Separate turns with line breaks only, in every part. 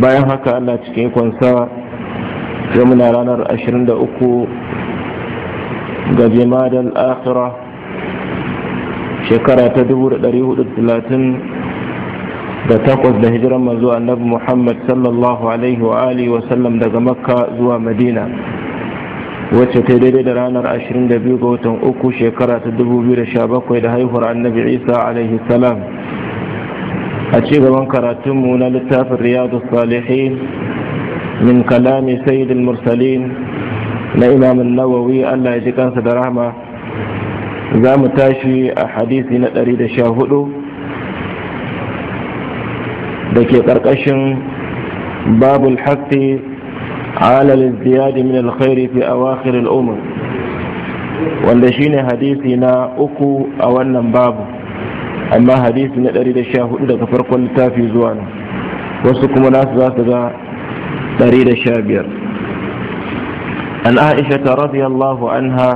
bayan haka allah cikin ikonsa ya muna ranar 23 ga jimadar akira shekara ta 438 da takwas da hijiran manzo annabi muhammad sallallahu alaihi wa alihi wasallam daga makka zuwa madina wacce ta daidai da ranar 22 ga watan uku shekara ta 2017 da haihuwar annabi isa alaihi salam a cigaban karatunmu na littafin riyadu salihi min kalami sayyidul mursalin na imamin nawawi allah ya ji kansa da rahama za mu tashi a hadisi na dari da ke karkashin babul haƙƙi ala ziyadi min alkhairi fi wakilin umar wanda shine hadisi na uku a wannan babu amma hadisi na 114 daga farkon littafi zuwa nan wasu kuma nasu za su ga 115 an aisha ta radiyallahu anha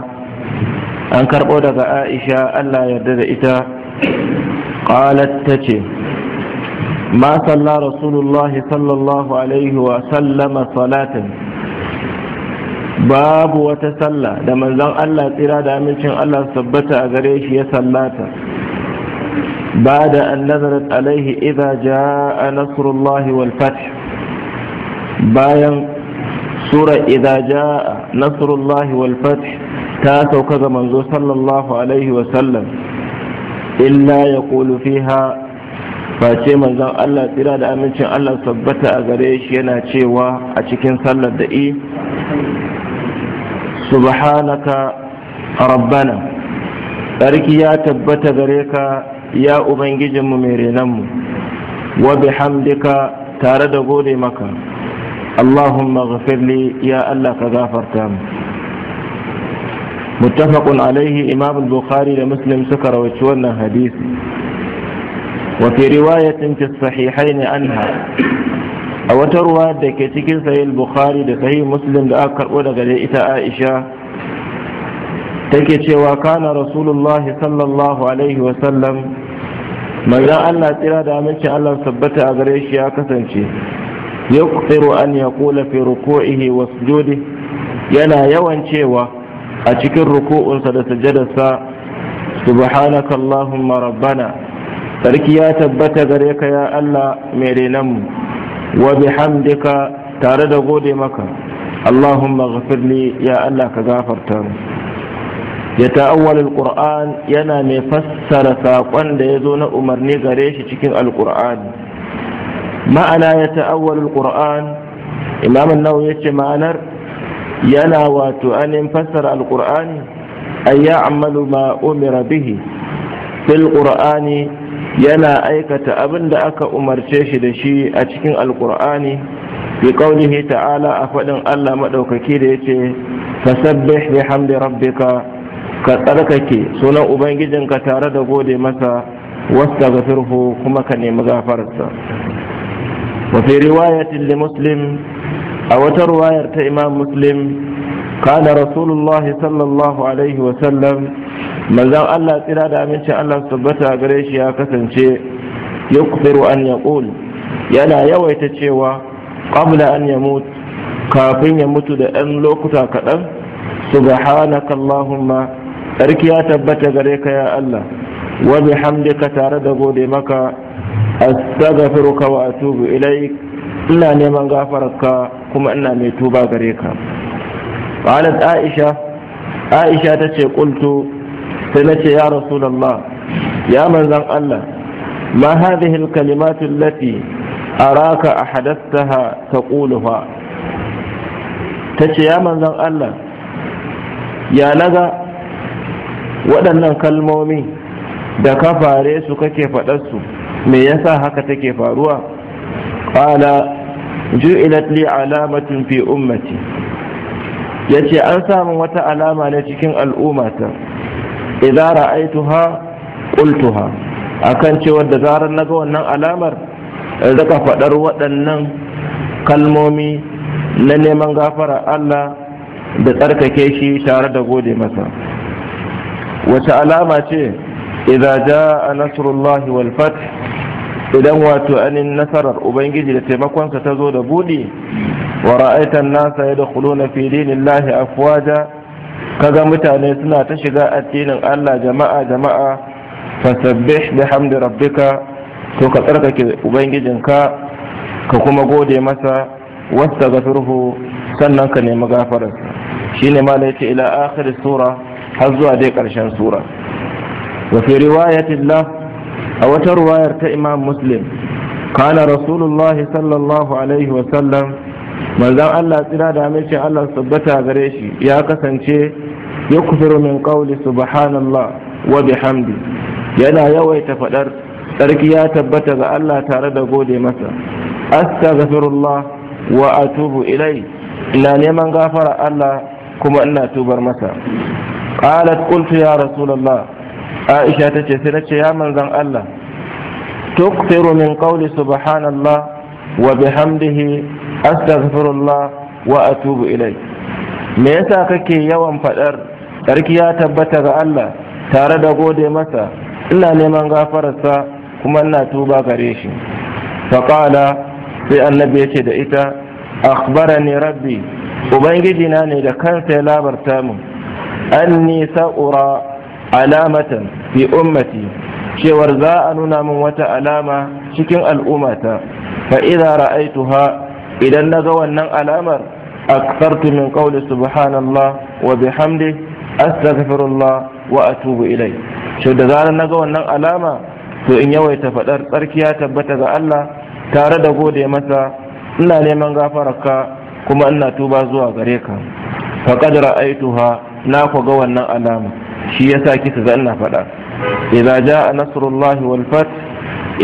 an karɓo daga aisha allah yarda da ita qalat ta ce ma salla rasulullahi sallallahu alaihi wa sallama salatan babu wata sallah da manzon Allah tsira da amincin Allah sabbata a gare shi ya sallata بعد أن نزلت عليه إذا جاء نصر الله والفتح باين سورة إذا جاء نصر الله والفتح تاتوا كذا منذ صلى الله عليه وسلم إلا يقول فيها face manzon Allah tsira da amincin Allah tabbata a gare shi yana cewa a cikin sallar da i subhanaka rabbana tsarki ya tabbata gare ka ya ubangijinmu mai renonmu wa bihamdika tare da gode maka allahumma ghafirli ya allah ka gafarta mu muttafaqun alaihi imam bukhari da muslim suka rawaci wannan hadisi wa fi riwayatin fi sahihaini anha a wata ruwa da ke cikin sahih bukhari da sahih muslim da aka karbo daga ita aisha take cewa kana rasulullahi sallallahu alaihi wasallam manzon Allah tsira da aminci Allah sabbata a gare shi ya kasance yuqtiru an ya fi ruku'ihi wa sujudi yana yawan cewa a cikin ruku'unsa da sujadarsa subhanaka allahumma rabbana sarki ya tabbata gare ka ya Allah mai renan mu wa bihamdika tare da gode maka allahumma ghafirli ya Allah ka gafarta mu ya ta'awwal alquran yana mai fassara saƙon da ya zo na umarni gare shi cikin alquran ma'ana ya ta'awwal alquran imam an-nawawi yace ma'anar yana wato an fassara alqur'ani ay ya'malu ma umira bihi fil qur'ani yana aikata abin da aka umarce shi da shi a cikin alqur'ani bi qawlihi ta'ala a faɗin Allah madaukaki da yace fasabbih bihamdi rabbika ka tsarkake sunan ubangijinka tare da gode masa wasta gafirhu kuma ka nemi gafararsa wa fi riwayatin li muslim a wata ruwayar ta imam muslim kana rasulullahi sallallahu alaihi wa sallam Allah tsira da aminci Allah tabbata gare shi ya kasance yukfiru an ƙul yana yawaita cewa qabla an ya mutu. kafin ya mutu da 'yan lokuta kaɗan subhanaka tsarki ya tabbata gare ka ya Allah wa hamdika tare da gode maka astaghfiruka wa atubu ilaik ina neman gafararka kuma ina mai tuba gare ka qalat aisha aisha tace qultu sai nace ya rasulullah ya manzon Allah ma hadhihi alkalimatu allati araka ahadathaha taquluha tace ya manzon Allah ya naga waɗannan kalmomi da ka fare su kake faɗarsu me yasa haka take faruwa ƙala ju'ilat li alamatin fi ummati yace an samu wata alama ne cikin al'ummata idza ra'aituha qultuha akan cewa da zarar naga wannan alamar zaka faɗar waɗannan kalmomi na neman gafara Allah da tsarkake shi tare da gode masa wace alama ce idza jaa nasrullahi wal fath idan wato anin nasarar ubangiji da taimakonsa ta zo da budi wa ra'aitan nasa yadkhuluna fi dinillahi afwaja kaga mutane suna ta shiga addinin Allah jama'a jama'a fasabbih bihamdi rabbika to ka tsarkake ubangijinka ka kuma gode masa wasta gafirhu sannan ka nemi gafararsa shine ma ila akhir sura har zuwa dai ƙarshen sura wa fi riwayatin la a wata ruwayar ta imam muslim kana rasulullahi sallallahu alaihi wa sallam manzon Allah tsira da amincin Allah tabbata gare shi ya kasance ya kufiru min qawli subhanallah wa bihamdi yana yawaita fadar tsarki ya tabbata ga Allah tare da gode masa astaghfirullah wa atubu ilai ina neman gafara Allah kuma ina tubar masa qalat qultu ya rasulullah aisha tace sai nace ya manzan Allah tukfiru min qawli subhanallah wa bihamdihi astaghfirullah wa atubu ilai me yasa kake yawan fadar sarki ya tabbata ga Allah tare da gode masa ina neman gafararsa kuma ina tuba gare shi qala sai annabi yace da ita akhbarani rabbi ubangiji na ne da kansa ya labarta mu ni sa'ura alamatan fi ummati cewar za a nuna min wata alama cikin al'ummata fa idza ra'aituha idan naga wannan alamar aktartu min qawli subhanallah wa bihamdi astaghfirullah wa atubu ilai shi da zarar ga wannan alama to in yawaita fadar tsarkiya tabbata ga Allah tare da gode masa ina neman gafararka kuma ina tuba zuwa gare ka faqad aituha na ku ga wannan alama shi yasa kisa zan na faɗa idza jaa nasrullahi wal fath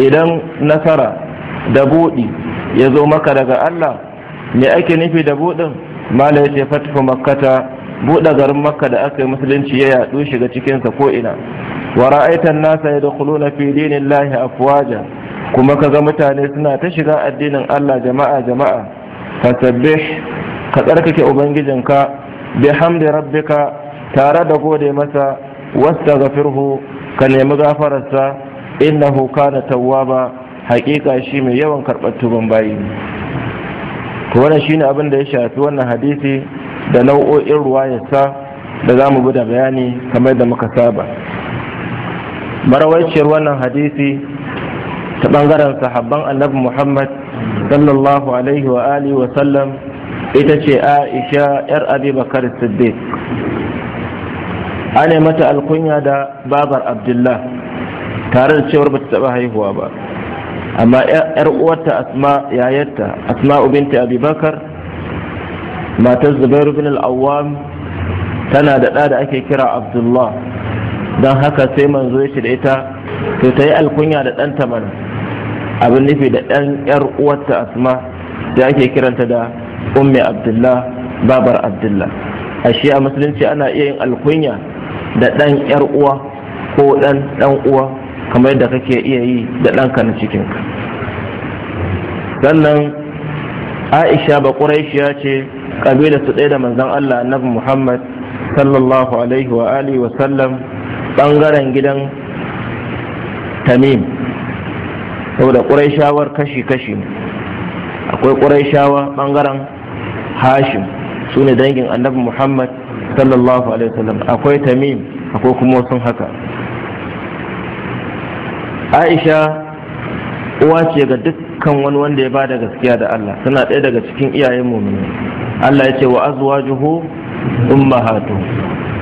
idan nasara da buɗi ya zo maka daga Allah me ake nufi da buɗin malai ce fatifu makkata buɗe garin makka da aka yi musulunci ya yaɗu shiga cikinsa ko ina wa ra'aitan nasa ya na fi dinillahi afwaja kuma kaga mutane suna ta shiga addinin Allah jama'a jama'a fatabbih ka tsarkake ubangijinka bi hamdi rabbika tare da gode masa wastaghfirhu ka nemi gafararsa innahu kana tawwaba haƙiƙa shi mai yawan karɓar tuban bayi to wannan shine abin da ya shafi wannan hadisi da nau'o'in ruwayarsa da za mu bi da bayani kamar da muka saba marawaiciyar wannan hadisi ta ɓangaren sahabban annabi muhammad sallallahu alaihi wa alihi wa sallam ita ce aisha yar abi siddiq ana mata alkunya da babar abdullah tare da cewar bata taba haihuwa ba amma yar uwarta asma yayarta asma binti abi matar zubair bin al-awwam tana da ɗa da ake kira abdullah don haka sai manzo ya shi da ita to ta yi alkunya da ɗanta mana abin nufi da ɗan yar uwarta asma da ake kiranta da ummi abdullah babar abdullah a shi a musulunci ana iya yin alkunya da ɗan yar uwa ko ɗan ɗan uwa kamar yadda kake iya yi da ɗanka na cikinka sannan aisha ba ya ce ƙabila su ɗaya da manzon allah annabi muhammad sallallahu alaihi wa alihi wa sallam ɓangaren gidan tamim saboda shawar kashi-kashi akwai shawa ɓangaren hashim su ne dangin annabi muhammad sallallahu alaihi wasallam akwai tamim akwai kuma wasu haka aisha uwa ce ga dukkan wani wanda ya ba da gaskiya da allah tana ɗaya daga cikin iyayen mummuni allah ya ce wa azwajuhu ummahatu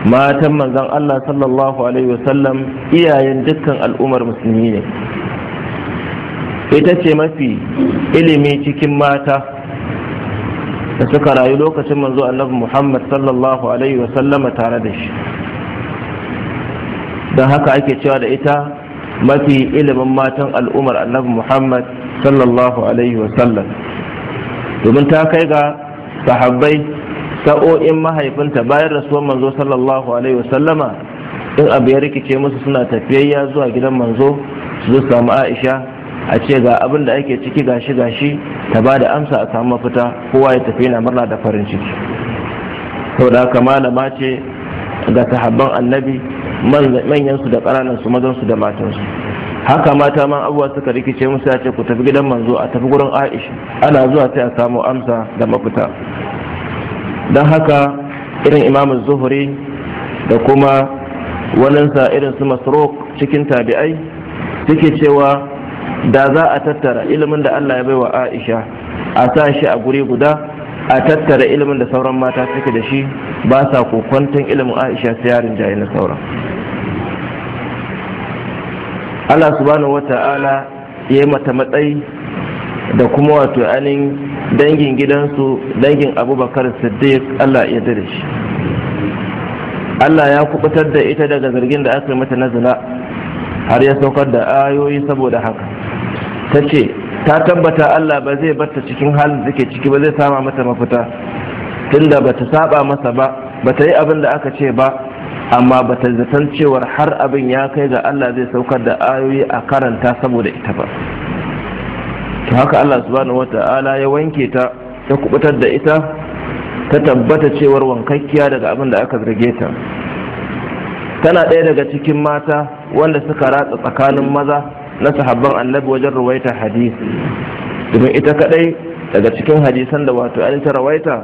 matan manzon allah sallallahu alaihi wasallam iyayen dukkan al'ummar musulmi ne ita ce mafi ilimi cikin mata da suka rayu lokacin manzo annabi muhammad sallallahu alaihi wasallama tare da shi don haka ake cewa da ita mafi ilimin matan al'umar annabi muhammad sallallahu alaihi wasallam domin ta kai ga sahabbai sa'o'in mahaifinta bayan rasuwar manzo sallallahu alaihi wasallama in abu ya rikice musu suna tafiyayya zuwa gidan manzo su zo samu aisha a ce ga abin da ake ciki gashi gashi ta ba da amsa a samu mafita kowa ya tafi yana murna da farin ciki saboda haka malama ce ga sahabban annabi manyan su da ƙananan su mazan su da matansu. haka mata man abuwa suka rikice musu ya ce ku tafi gidan manzo a tafi gurin aisha ana zuwa sai a samu amsa da mafita don haka irin imamu zuhuri da kuma waninsa irin su masrok cikin tabi'ai suke cewa da za a tattara ilimin da Allah ya baiwa Aisha a sa shi a guri guda a tattara ilimin da sauran mata suke da shi ba sa kokwantan ilimin Aisha sai yarin jayi na sauran Allah subhanahu wata'ala ya yi mata matsayi da kuma wato anin dangin gidansu dangin abubakar siddiq Allah ya da shi Allah ya kubutar da ita daga zargin da aka yi mata na zina har ya saukar da ayoyi saboda haka ta ce ta tabbata Allah ba zai barta cikin halin da take ciki ba zai sama mata mafita tunda ba ta saba masa ba ba ta yi abin da aka ce ba amma ba ta zaton cewar har abin ya kai ga Allah zai saukar da ayoyi a karanta saboda ita ba to haka Allah subhanahu wata'ala ya wanke ta ta kubutar da ita ta tabbata cewar wankakkiya daga abin da aka zarge ta tana ɗaya daga cikin mata wanda suka ratsa tsakanin maza na sahabban annabi wajen rawaita hadisi domin ita kadai daga cikin hadisan da wato an ta rawaita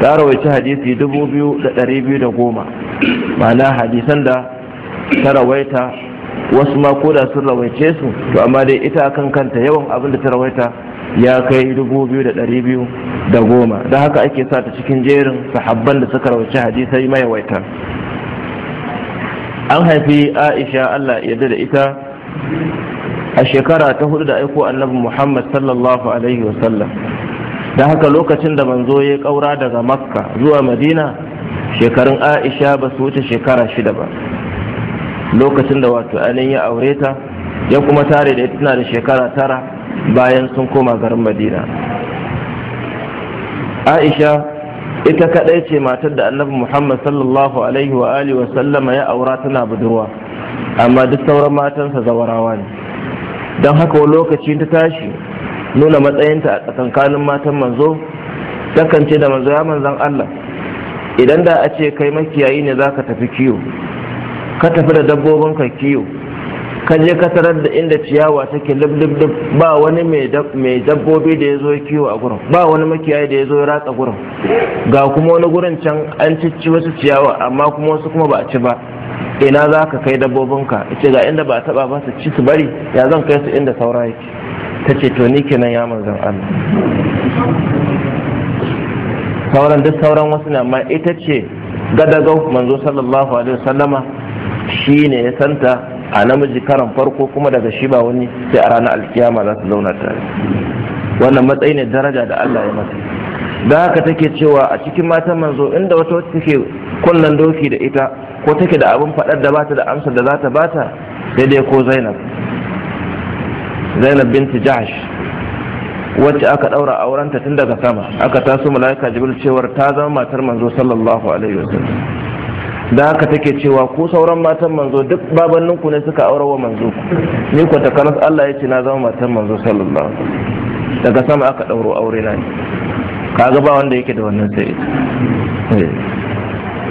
ta rawaita hadisi dubu biyu da ɗari biyu da goma ma'ana hadisan da ta rawaita wasu ma koda sun rawaice su to amma dai ita kan kanta yawan abin da ta rawaita ya kai dubu biyu da ɗari biyu da goma da haka ake sa ta cikin jerin sahabban da suka rawaice hadisai mayawaita an haifi aisha allah yadda da ita a shekara ta hudu da aiko annabi muhammad sallallahu alaihi wasallam da haka lokacin da manzo ya kaura daga makka zuwa madina shekarun aisha ba su wuce shekara shida ba lokacin da wato anin ya aure ta ya kuma tare da tana da shekara tara bayan sun koma garin madina aisha ita kadai ce matar da annabi muhammad sallallahu alaihi wa alihi wa ya aura tana budurwa amma duk sauran matansa zawarawa ne don haka wa lokaci ta tashi nuna matsayinta a tsakankanin matan manzo takan ce da manzo ya manzan Allah idan da a ce kai makiyayi ne za ka tafi kiwo ka tafi da dabbobin ka kiwo ka je ka tarar da inda ciyawa take lub ba wani mai dabbobi da ya zo kiwo a gurin ba wani makiyayi da ya zo ratsa gurin ga kuma wani gurin can an ci wasu ciyawa amma kuma wasu kuma ba a ci ba ina za ka kai dabbobinka ya ce ga inda ba taba ba su ci su bari ya zan kai su inda saura yake ta ce to ni kenan ya manzan Allah sauran duk sauran wasu ne amma ita ce gadagau manzo sallallahu alaihi wasallama shi ne ya santa a namiji karan farko kuma daga shi ba wani sai a ranar alkiyama za su zauna tare wannan matsayi ne daraja da Allah ya mata da haka take cewa a cikin matan manzo inda wata wacce take kullan doki da ita ko take da abin faɗar da bata da amsar da za ta bata sai dai ko zainab zainab binti jahsh wacce aka ɗaura aurenta tun daga sama aka taso mala'ika jibril cewar ta zama matar manzo sallallahu alaihi wasallam da haka take cewa ku sauran matan manzo duk babannin ku ne suka aure wa manzo ni ko ta karas Allah ya ce na zama matan manzo sallallahu alaihi daga sama aka ɗauro aure na kaga ba wanda yake da wannan sai eh.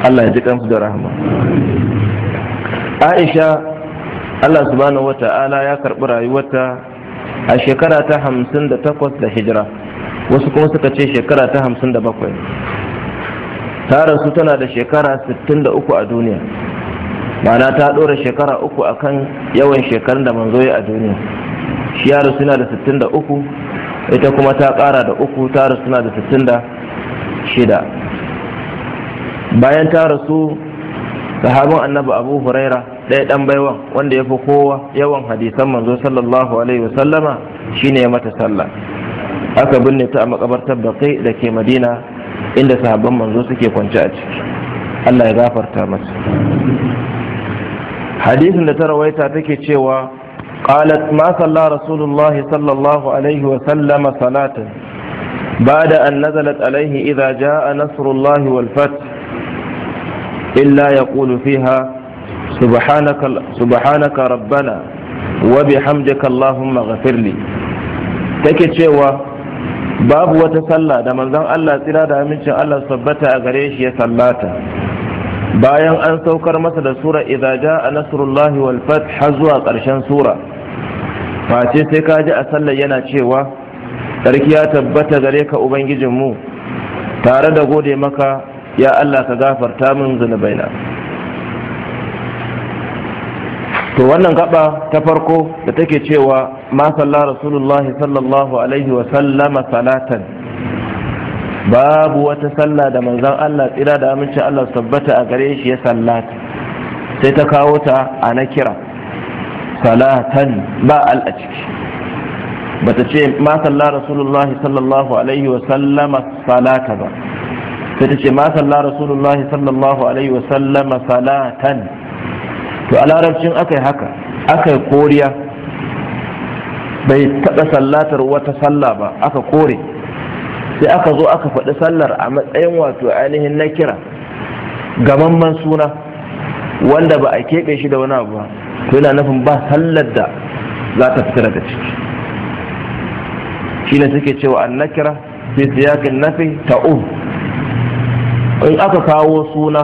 Allah ya ji kansu da rahama Aisha Allah subhanahu wata'ala ya karɓi rayuwarta a shekara ta hamsin da takwas da hijira wasu kuma suka ce shekara ta hamsin da bakwai ta rasu tana da shekara sittin da uku a duniya ma'ana ta ɗora shekara uku akan yawan shekarun da manzo ya a duniya shi ya rasu da sittin da uku ita kuma ta ƙara da uku ta rasu da sittin da shida bayan ta rasu sahabin annabi abu huraira ɗaya ɗan baiwan wanda ya fi kowa yawan hadisan manzo sallallahu alaihi wasallama shine ya mata sallah aka binne ta a makabartar bakai da ke madina inda sahabban manzo suke kwance a ciki allah ya gafarta masa hadisin da ta rawaita take cewa قالت ما صلى رسول الله صلى الله عليه وسلم صلاة بعد أن نزلت عليه إذا جاء نصر الله والفتح إلا يقول فيها سبحانك, سبحانك ربنا وبحمدك اللهم غفر لي take cewa babu wata sallah da manzon Allah tsira da amincin Allah sabbata a gare shi ya sallata bayan an saukar masa da sura idza jaa nasrullahi wal fath har zuwa ƙarshen sura face sai ka ji a sallar yana cewa sarki ya tabbata gare ka mu. tare da gode maka ya Allah ka gafarta min zunubaina to wannan gaba ta farko da take cewa ma salla rasulullahi sallallahu alaihi wa sallama salatan babu wata sallah da manzon Allah tsira da aminci Allah tabbata a gare shi ya sallata sai ta kawo ta a na kira salatan ba al a ciki bata ce ma salla rasulullahi sallallahu alaihi wa sallama salata ba sai ta ce ma salla rasulullah sallallahu alaihi wa sallama salatan to a larabcin akai haka akai koriya bai taɓa sallatar wata salla ba aka kore sai aka zo aka faɗi sallar a matsayin wato ainihin na kira gamamman suna wanda ba a keɓe shi da wani abu ba to yana nufin ba sallar da za ta fita da ciki shi ne suke cewa an nakira fi siyakin nafi ta'um in aka kawo suna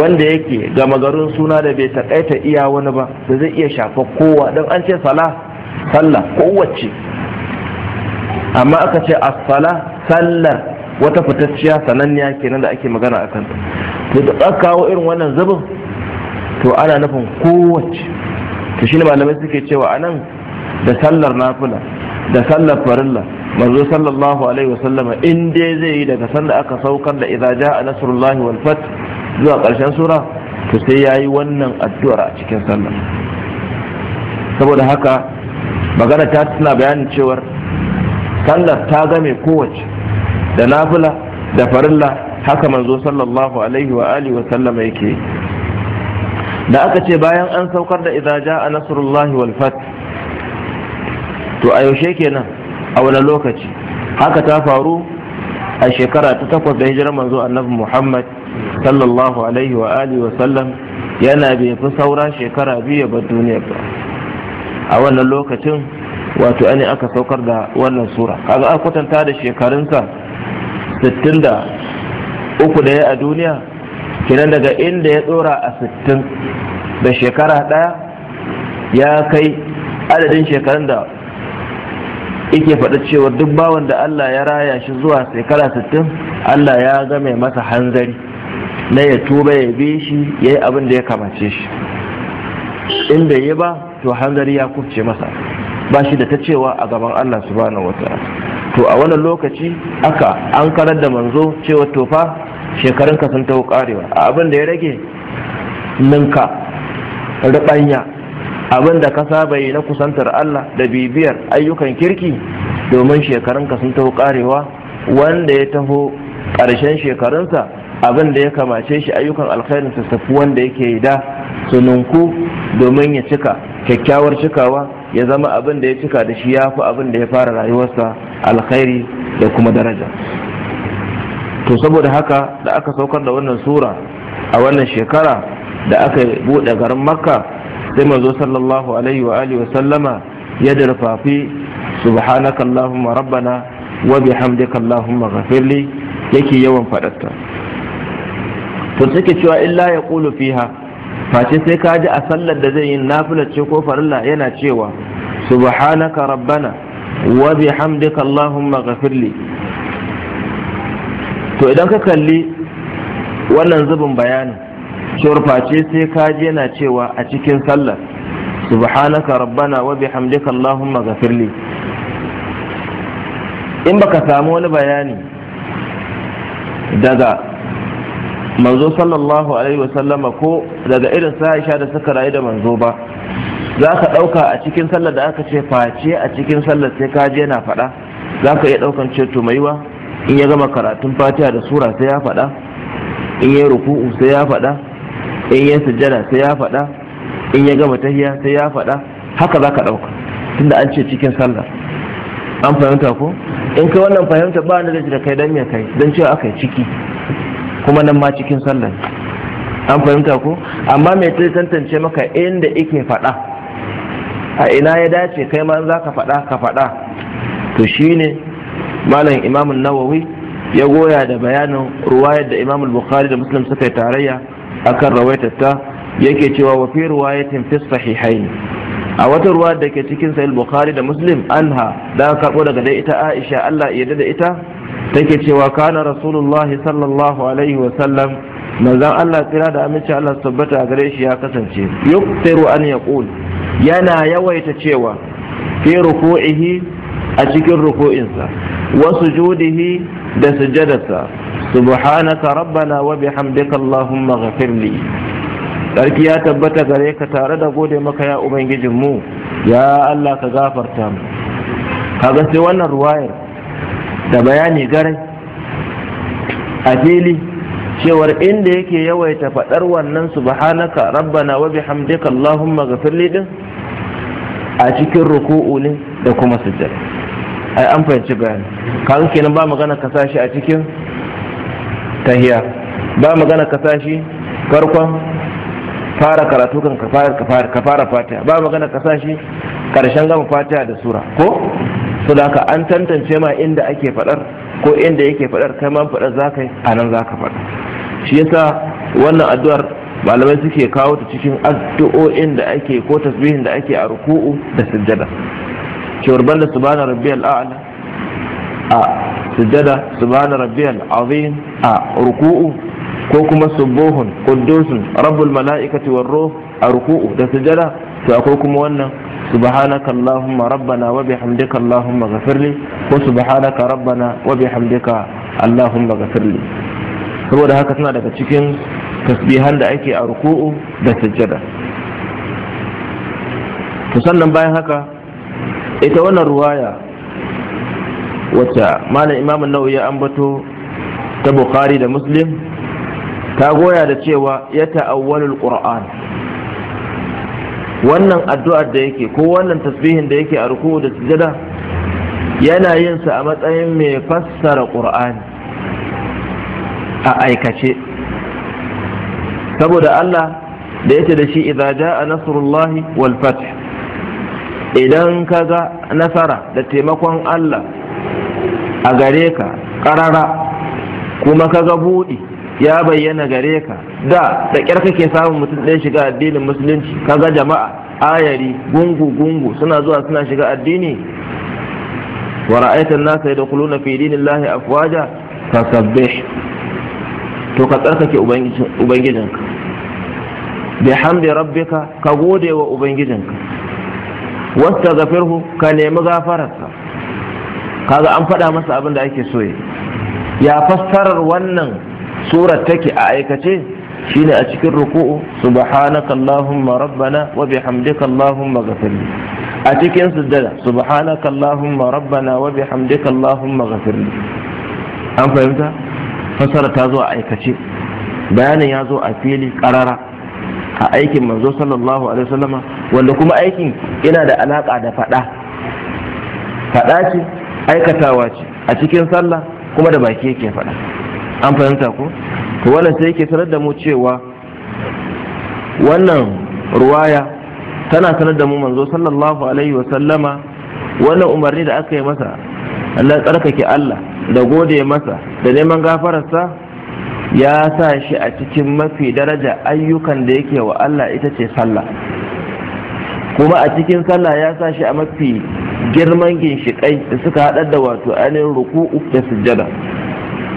wanda yake gama garin suna da bai taƙaita iya wani ba da zai iya shafa kowa don an ce sala sallah kowace amma aka ce as-sala sallar wata fitacciya sananniya kenan da ake magana a kanta, to da aka kawo irin wannan zubin to ana nufin kowace to shine malamai suke cewa anan da sallar nafila da sallar farilla manzo sallallahu alaihi wasallama in dai zai yi daga sanda aka saukar da idza jaa nasrullahi wal fath zuwa karshen sura to sai yayi wannan addu'ar a cikin sallah saboda haka magana ta tana bayanin cewar sallar ta game kowace da nafila da farilla haka manzo sallallahu alaihi wa alihi wa sallama yake da aka ce bayan an saukar da idza jaa nasrullahi wal fath to a yaushe kenan a wani lokaci haka ta faru a shekara ta takwas da hijirar manzo annabi muhammad sallallahu alaihi wa alihi wa sallam yana bai fi saura shekara biyu ba duniya ba a wannan lokacin wato ne aka saukar da wannan sura kaga aka kwatanta da shekarunsa sittin da uku da ya a duniya kenan daga inda ya tsora a sittin da shekara ɗaya ya kai adadin shekarun da yake faɗa cewa duk bawan da Allah ya raya shi zuwa shekara sittin Allah ya ga mai masa hanzari na ya tuba ya bi shi ya yi abin da ya kamace shi in bai yi ba to hanzari ya kufce masa ba shi da ta cewa a gaban Allah subhanahu ta'ala to a wannan lokaci aka an karar da manzo cewa tofa shekarun ka sun ta karewa a abin da ya rage ninka rubanya abin da ka saba yi na kusantar Allah da bibiyar ayyukan kirki domin shekarunka sun taho karewa wanda ya taho ƙarshen shekarunsa abin da ya kamace shi ayyukan alkhairin su tafi wanda yake da sununku domin ya cika kyakkyawar cikawa ya zama abin da ya cika da shi ya fi abin da ya fara rayuwarsa alkhairi da kuma daraja to saboda haka da aka saukar da wannan sura a wannan shekara da aka buɗe garin makka sai manzo sallallahu alaihi wa alihi wa sallama ya darfafi subhanaka allahumma rabbana wa bihamdika allahumma ghafirli yake yawan fadarta to take cewa illa ya qulu fiha face sai ka ji a sallar da zai yi nafilar ce ko farilla yana cewa subhanaka rabbana wa bihamdika allahumma ghafirli to idan ka kalli wannan zubin bayanin cewar sai ka je na cewa a cikin sallar subhanaka rabbana wa bihamdika allahumma ghafirli in baka samu wani bayani daga manzo sallallahu alaihi wasallama ko daga irin sa'isha da suka rayu da manzo ba za ka ɗauka a cikin sallar da aka ce face a cikin sallar sai ka je na faɗa za ka iya ɗaukan ce to maiwa in ya gama karatun fatiha da sura sai ya faɗa in ya ruku'u sai ya faɗa in ya sujjada sai ya faɗa in ya gama tahiya sai ya faɗa haka za ka ɗauka tunda an ce cikin sallah an fahimta ko in kai wannan fahimta ba ni da kai dan me kai dan cewa aka ciki kuma nan ma cikin sallah an fahimta ko amma me ta tantance maka inda ike faɗa a ina ya dace kai ma za ka faɗa ka faɗa to shine malam imamun nawawi ya goya da bayanin ruwayar da imamul bukhari da muslim suka yi tarayya akan rawaitarta yake cewa wa fi riwayatin fi sahihain a wata ruwa da ke cikin sahih bukhari da muslim anha da karbo daga dai ita aisha Allah ya da ita take cewa kana rasulullahi sallallahu alaihi wa sallam manzon Allah tsira da aminci Allah tabbata gare shi ya kasance yuktiru an yaqul yana yawaita cewa fi ruku'ihi a cikin ruku'insa wasu sujudihi da sujadarsa subhanaka rabbana wa bihamdika allahumma ghafirli sarki ya tabbata gare ka tare da gode maka ya ubangijin mu ya Allah ka gafarta mu kaga sai wannan ruwayar da bayani gare a fili cewar inda yake yawaita faɗar wannan subhanaka rabbana wa bihamdika allahumma ghafirli din a cikin ruku'u ne da kuma sujjada ai an fahimci bayani ke kenan ba magana ka sashi a cikin tahiya ba magana ka sashi farkon fara karatu kan ka fara fatiha ba magana ka sashi karshen gama fatiha da sura ko su da ka an tantance ma inda ake faɗar ko inda yake faɗar kai ma faɗar za ka yi a nan za ka faɗa shi yasa wannan addu'ar malamai suke kawo ta cikin addu'o'in da ake ko tasbihin da ake a ruku'u da sujjada cewar banda subhana rabbiyal a'la a sujada subhana rabbiyal azim a ruku'u ko kuma subuhun quddusun rabbul mala'ikati war ruh a ruku'u da sujada to akwai kuma wannan subhanaka allahumma rabbana wa bihamdika allahumma ghafirli ko subhanaka rabbana wa bihamdika allahumma ghafirli saboda haka suna daga cikin tasbihan da ake a ruku'u da sujada to sannan bayan haka ita wannan ruwaya wacce malam imamun nau'i ya ambato ta bukhari da muslim ta goya da cewa ya ta'awwalul qur'an wannan addu'ar da yake ko wannan tasbihin da yake a ruku da sujada yana yin sa a matsayin mai fassara qur'ani a aikace saboda Allah da yake da shi idza jaa nasrullahi wal fath idan ka ga nasara da taimakon Allah a gare ka ƙarara kuma ka ga buɗi ya bayyana gare ka da da ƙyar kake samun mutum ɗaya shiga addinin musulunci ka ga jama'a ayari gungu-gungu suna zuwa suna shiga addini wa ra'aitan nasa yadkhuluna fi dinillahi afwaja fasabbih to ka tsarkake ubangijinka bi hamdi rabbika ka gode wa ubangijinka wasta gafirhu ka nemi gafararsa kaga an faɗa masa abin da ake so ya fassarar wannan surar take a aikace shine a cikin ruku'u subhanaka allahumma rabbana wa bihamdika allahumma ghafirli a cikin sujjada subhanaka allahumma rabbana wa bihamdika allahumma ghafirli an fahimta fassara ta zo a aikace bayanin ya zo a fili karara a aikin manzo sallallahu alaihi wasallama wanda kuma aikin yana da alaka da fada fada ce aikatawa ce a cikin sallah kuma da baki yake fada an fahimta ko to wannan sai yake sanar da mu cewa wannan ruwaya tana sanar da mu manzo sallallahu alaihi wasallama wannan umarni da aka yi masa Allah tsarkake Allah da gode masa da neman gafararsa ya sa shi a cikin mafi daraja ayyukan da yake wa Allah ita ce sallah kuma a cikin sallah ya sa shi a mafi girman ginshiƙai da suka haɗar da wato ainihin ruku'u da sujjada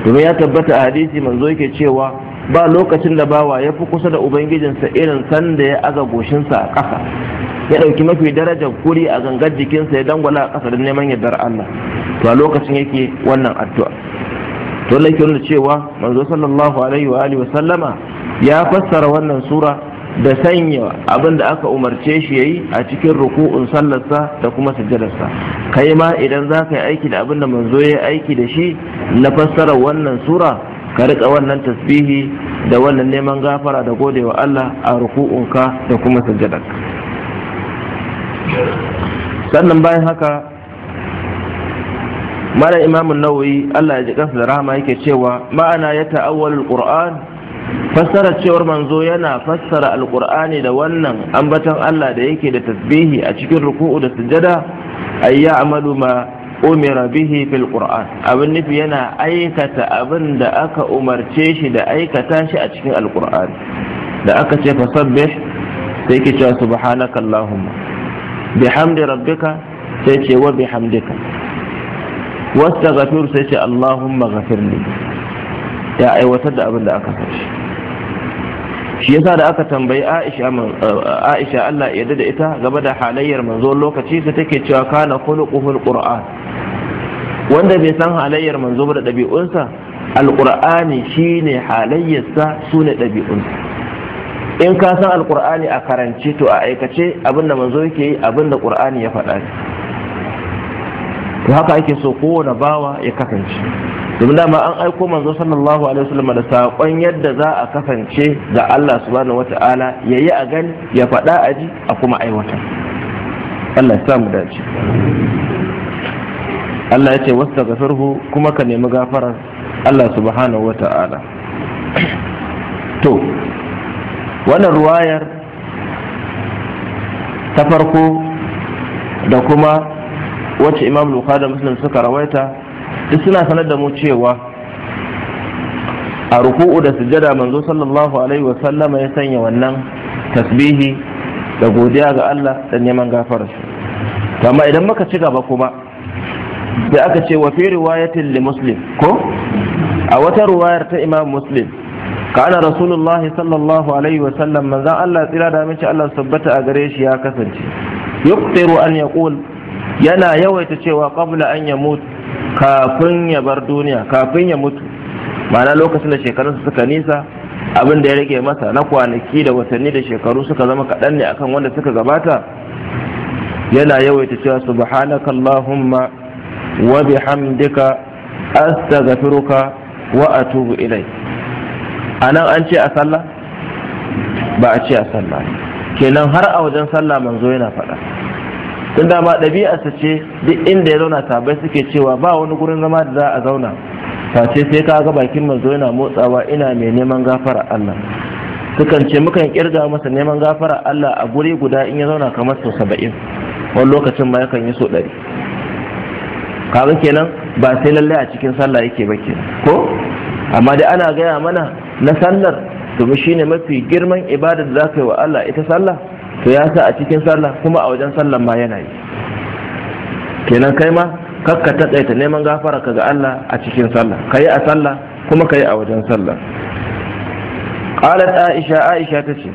domin ya tabbata a hadisi manzo yake cewa ba lokacin da bawa ya fi kusa da ubangijinsa irin sanda ya aga goshinsa a ƙasa ya ɗauki mafi darajar kuri a gangar jikinsa ya dangwala a ƙasa don neman yardar Allah to a lokacin yake wannan addu'a to lake nuna cewa manzo sallallahu alaihi wa alihi sallama ya fassara wannan sura
da sanya
abin da aka umarce shi yayi a cikin ruku'un sallarsa da kuma sujjadarsa kai ma idan za ka yi aiki da abin da manzo ya aiki da shi na fassara wannan sura ka rika wannan tasbihi da wannan neman gafara da godewa Allah a ruku'un ka da kuma sujjadarka sannan bayan haka mara imamu nawawi allah ya ji kansa da rahama yake cewa ma'ana ya ta'awwal alquran fassara cewar manzo yana fassara alqur'ani da wannan ambaton allah da yake da tasbihi a cikin ruku'u da sujada ay ya'malu ma umira bihi fil qur'an abin nufi yana aikata abin da aka umarce shi da aikata shi a cikin alqur'ani da aka ce fasabbih sai ke cewa subhanakallahumma bihamdi rabbika sai ce wa bihamdika wasta gafir sai ce Allahumma gafir ne ya aiwatar da abin da aka sashi shi yasa da aka tambayi Aisha Allah ya da ita game da halayyar manzo lokaci sai take cewa kana khuluquhul qur'an wanda bai san halayyar manzo ba da ɗabi'unsa alqur'ani shine halayyarsa sune ɗabi'unsa in ka san alqur'ani a karance to a aikace abin manzo yake yi abinda da qur'ani ya faɗa to haka ake so kowane bawa ya kasance domin dama an aiko manzo sallallahu alaihi wasallam da sakon yadda za a kasance da Allah subhanahu wata'ala yayi a gani ya faɗa a ji a kuma aiwata Allah ya samu dace Allah ya ce wastaghfirhu kuma ka nemi gafarar Allah subhanahu wata'ala to wannan ruwayar ta farko da kuma wacce imam bukhari da muslim suka rawaita duk suna sanar da mu cewa a ruku'u da sujada manzo sallallahu alaihi wa sallama ya sanya wannan tasbihi da godiya ga Allah da neman gafararsa amma idan muka ci gaba kuma sai aka ce wa fi riwayatin li muslim ko a wata ruwayar ta imam muslim kana rasulullahi sallallahu alaihi wa sallam manzon Allah tsira da mace Allah sabbata a gare shi ya kasance yuqtiru an yaqul yana yawaita cewa kabla an ya mutu kafin ya bar duniya kafin ya mutu ma'ana lokacin da shekarunsa suka nisa abin da ya rage masa na kwanaki da watanni da shekaru suka zama kaɗan ne akan wanda suka gabata yana yawaita cewa subhanaka allahumma wa bihamdika astaghfiruka wa atubu ilai anan an ce a sallah ba a ce a sallah kenan har a wajen sallah manzo yana faɗa tun dama ɗabi'arsa ce duk inda ya zauna tabai suke cewa ba wani gurin zama da za a zauna face sai ka ga bakin manzo yana motsawa ina mai neman gafara Allah sukan ce mukan kirga masa neman gafara Allah a guri guda in ya zauna kamar sau saba'in wani lokacin ma yakan yi so ɗari kaga kenan ba sai lallai a cikin sallah yake ba ke ko amma dai ana gaya mana na sallar domin shine mafi girman ibada da za ka yi wa Allah ita sallah to ya sa a cikin sallah kuma a wajen sallah ma yana yi kenan kai ma kakka taƙaita neman gafara ka ga Allah a cikin sallah ka yi a sallah kuma ka yi a wajen sallah qalat aisha aisha ta ce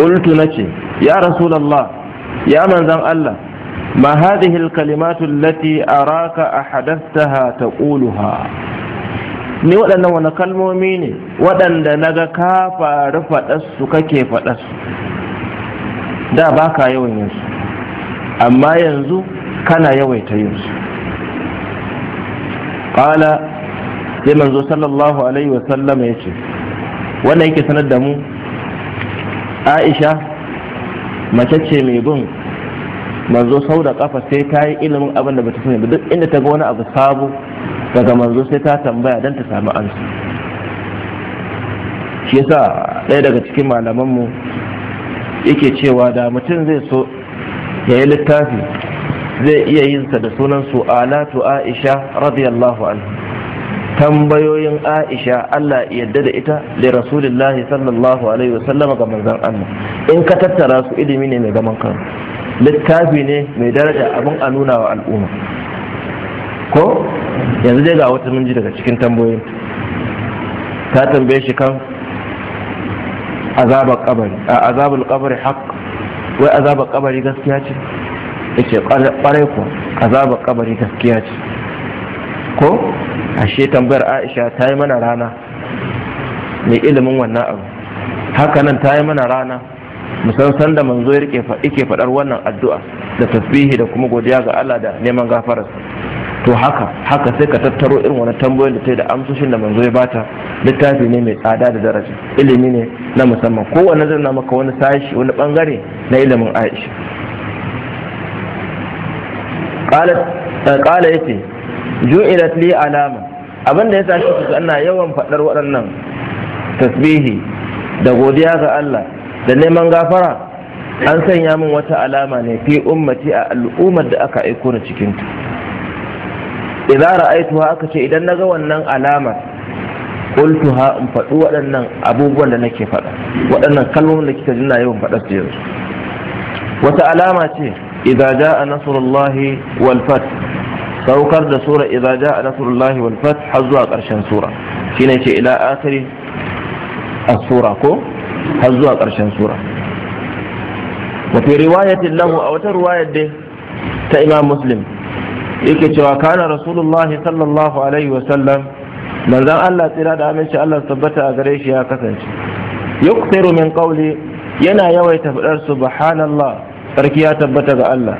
qultu nace ya rasulullah ya manzan Allah ma hadhihi alkalimatu allati araka ahadathaha taquluha ni waɗannan wani kalmomi ne waɗanda naga ka faru faɗarsu kake faɗarsu da ba ka yawan yin amma yanzu kana yawaita yin su ƙala sai manzo sallallahu alaihi wasallama ya ce wannan yake sanar da mu aisha mace ce mai bin manzo sau da kafa sai ta yi ilimin abin da bata sani ba duk inda ta ga wani abu sabo daga manzo sai ta tambaya don ta samu ansu shi yasa ɗaya daga cikin malamanmu yake cewa da mutum zai so ya yi littafi zai iya yinsa da sunan su Alatu aisha radiyallahu anhu tambayoyin aisha Allah yadda da ita da rasulullahi sallallahu alaihi wasallam ga manzon Allah in ka tattara su ilimi ne mai zaman kan littafi ne mai daraja abin a nuna wa al'umma ko yanzu dai ga wata mun ji daga cikin tambayoyin ta tambaye shi kan azabar kabari a azabar kabari haka, wai azabar kabari gaskiya ce ce kwarai ko azabar kabari gaskiya ce ko ashe tambayar Aisha ta yi mana rana mai ilimin wannan abu haka nan ta yi mana rana musamman da manzo yake faɗar wannan addu'a da tasbihi da kuma godiya ga Allah da neman gafararsa to haka haka sai ka tattaro irin wani tambayoyin da ta yi da amsoshin da manzo ya bata littafi ne mai tsada da daraja ilimi ne na musamman kowanne zai na maka wani sashi wani bangare na ilimin aisha kala eh, ya ce ju'ilat li alama abinda ya sashi su ana yawan faɗar waɗannan tasbihi da godiya ga Allah da neman gafara an sanya min wata alama ne fi ummati a al'ummar da aka aiko na cikinta idza ra'aituha aka ce idan naga wannan alamar qultuha in faɗi waɗannan abubuwan da nake faɗa waɗannan kalmomin da kika jina yau faɗa su yanzu wata alama ce idza jaa nasrullahi wal fath saukar da sura idza jaa nasrullahi wal fath har zuwa ƙarshen sura shine ce ila akhiri as-sura ko har zuwa ƙarshen sura wa fi riwayatin lahu a wata riwayar dai ta imam muslim yake cewa kana rasulullahi sallallahu alaihi sallam, manzon Allah tsira da aminci Allah tabbata a gare shi ya kasance yukthiru min qawli yana yawaita fadar subhanallah sarki ya tabbata ga Allah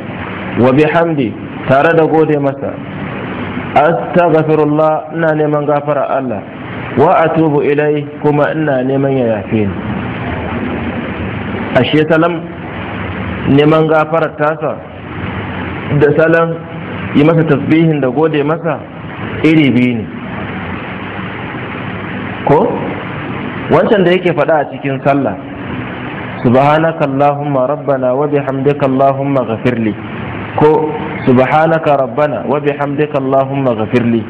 wa bihamdi tare da gode masa astaghfirullah ina neman gafara Allah wa atubu ilai kuma ina neman ya yafe ni ashe salam neman gafarar tasa da salam yi masa tasbihin da gode masa iri biyu ne ko wancan da yake fada a cikin sallah subhanaka allahumma rabbana wa bihamdika allahumma ghafirli ko subhanaka rabbana wa bihamdika allahumma ghafirli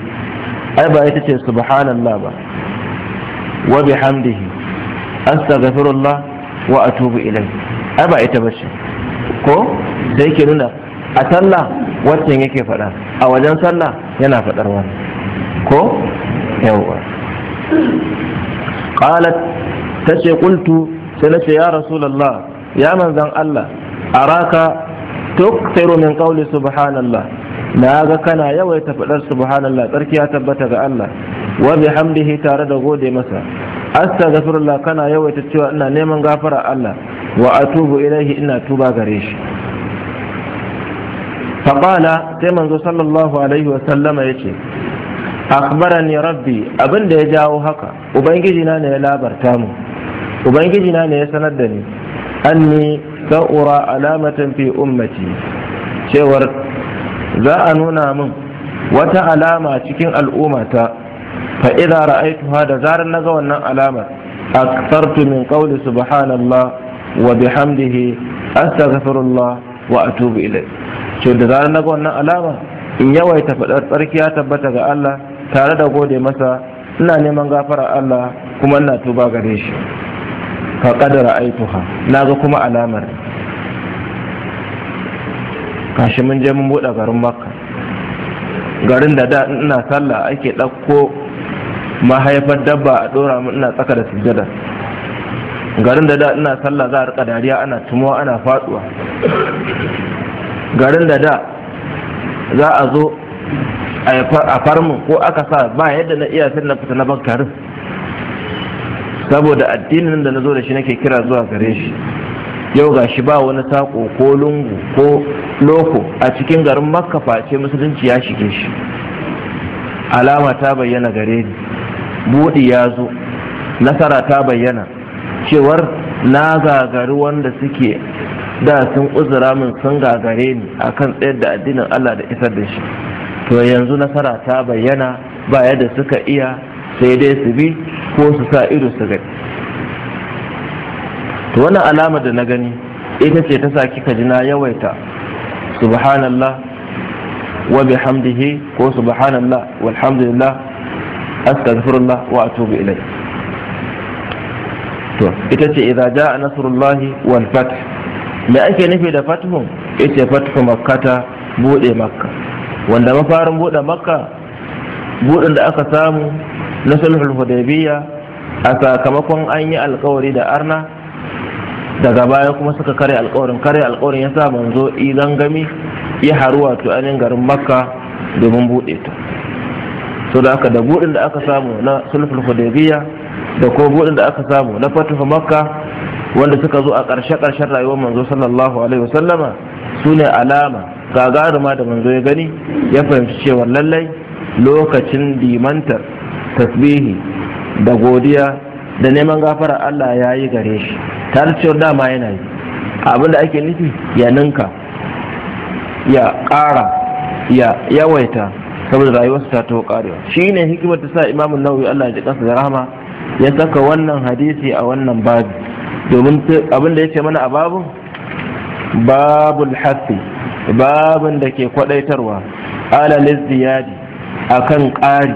ai ba ita ce subhanallah ba wa bihamdihi astaghfirullah wa atubu ilayhi ai ba ita bace ko da ke nuna a sallah wancan yake faɗa a wajen sallah yana faɗar wani ko yawwa qalat tace qultu sai nace ya rasulullah ya manzan Allah araka tuktiru min qawli subhanallah na ga kana yawaita faɗar subhanallah tsarki ya tabbata ga Allah wa bihamdihi tare da gode masa astaghfirullah kana yawaita cewa ina neman gafara Allah wa atubu ilaihi ina tuba gare shi faƙala sai manzo sallallahu alaihi wasallama ya ce akhbarani rabbi abin da ya jawo haka ubangiji na ne ya labarta mu ubangiji na ne ya sanar da ni anni sa'ura alamatan fi ummati cewar za a nuna min wata alama cikin al'umma ta idza ra'aytuha da zarar na ga wannan alamar aktartu min qawli subhanallah wa bihamdihi astaghfirullah wa atubu ilayh cewa da zarar na ga wannan alama in yawaita faɗar tsarki ya tabbata ga Allah tare da gode masa ina neman gafara Allah kuma ina tuba gare shi fa qadara aituha naga kuma alamar kashi mun je mun buɗe garin makka garin da da ina sallah ake ɗauko mahaifar dabba a ɗora mun ina tsaka da sujjada garin da da ina sallah za a rika dariya ana tumo ana faduwa garin da da za a zo a farmin ko aka sa ba yadda na iya sai na fita na bankarin saboda addinin da na zo da shi nake kira zuwa gare shi yau ga shi ba wani sako ko lungu ko loko a cikin garin makka face musulunci ya shige shi alama ta bayyana gare ni buɗi ya zo nasara ta bayyana cewar na gagari wanda suke da sun uzura min sun gagare ni akan tsayar da addinin Allah da isar da shi to yanzu nasara ta bayyana ba yadda suka iya sai dai su bi ko su sa ido su gani to wannan alama da na gani ita ce ta sa kika ji na yawaita subhanallah wa bihamdihi ko subhanallah walhamdulillah astaghfirullah wa atubu ilayh to ita ce idza jaa nasrullahi wal fath me ake nufi da fatihun ita fatihu makkata bude makka wanda mafarin buɗe makka buɗin da aka samu na sulhul hudaybiya a sakamakon an yi alkawari da arna daga baya kuma suka kare alkawarin kare alkawarin ya sa manzo idan gami ya haru wato ainihin garin makka domin bude ta so da aka da buɗin da aka samu na sulhul hudaybiya da ko buɗin da aka samu na fatihu makka wanda suka zo a ƙarshe-ƙarshen rayuwar manzo sallallahu alaihi wasallama su ne alama gagaruma da manzo ya gani ya fahimci cewa lallai lokacin dimantar tasbihi da godiya da neman gafara Allah ya yi gare shi tare cewa dama yana yi abin da ake nufi ya ninka ya ƙara ya yawaita saboda rayuwarsa ta to karewa shine hikimar ta sa imamun nawawi Allah ya ji da rahama ya saka wannan hadisi a wannan babi domin abin da ya ce mana a babu hafi babin da ke kwadaitarwa alal ziyadi akan ƙari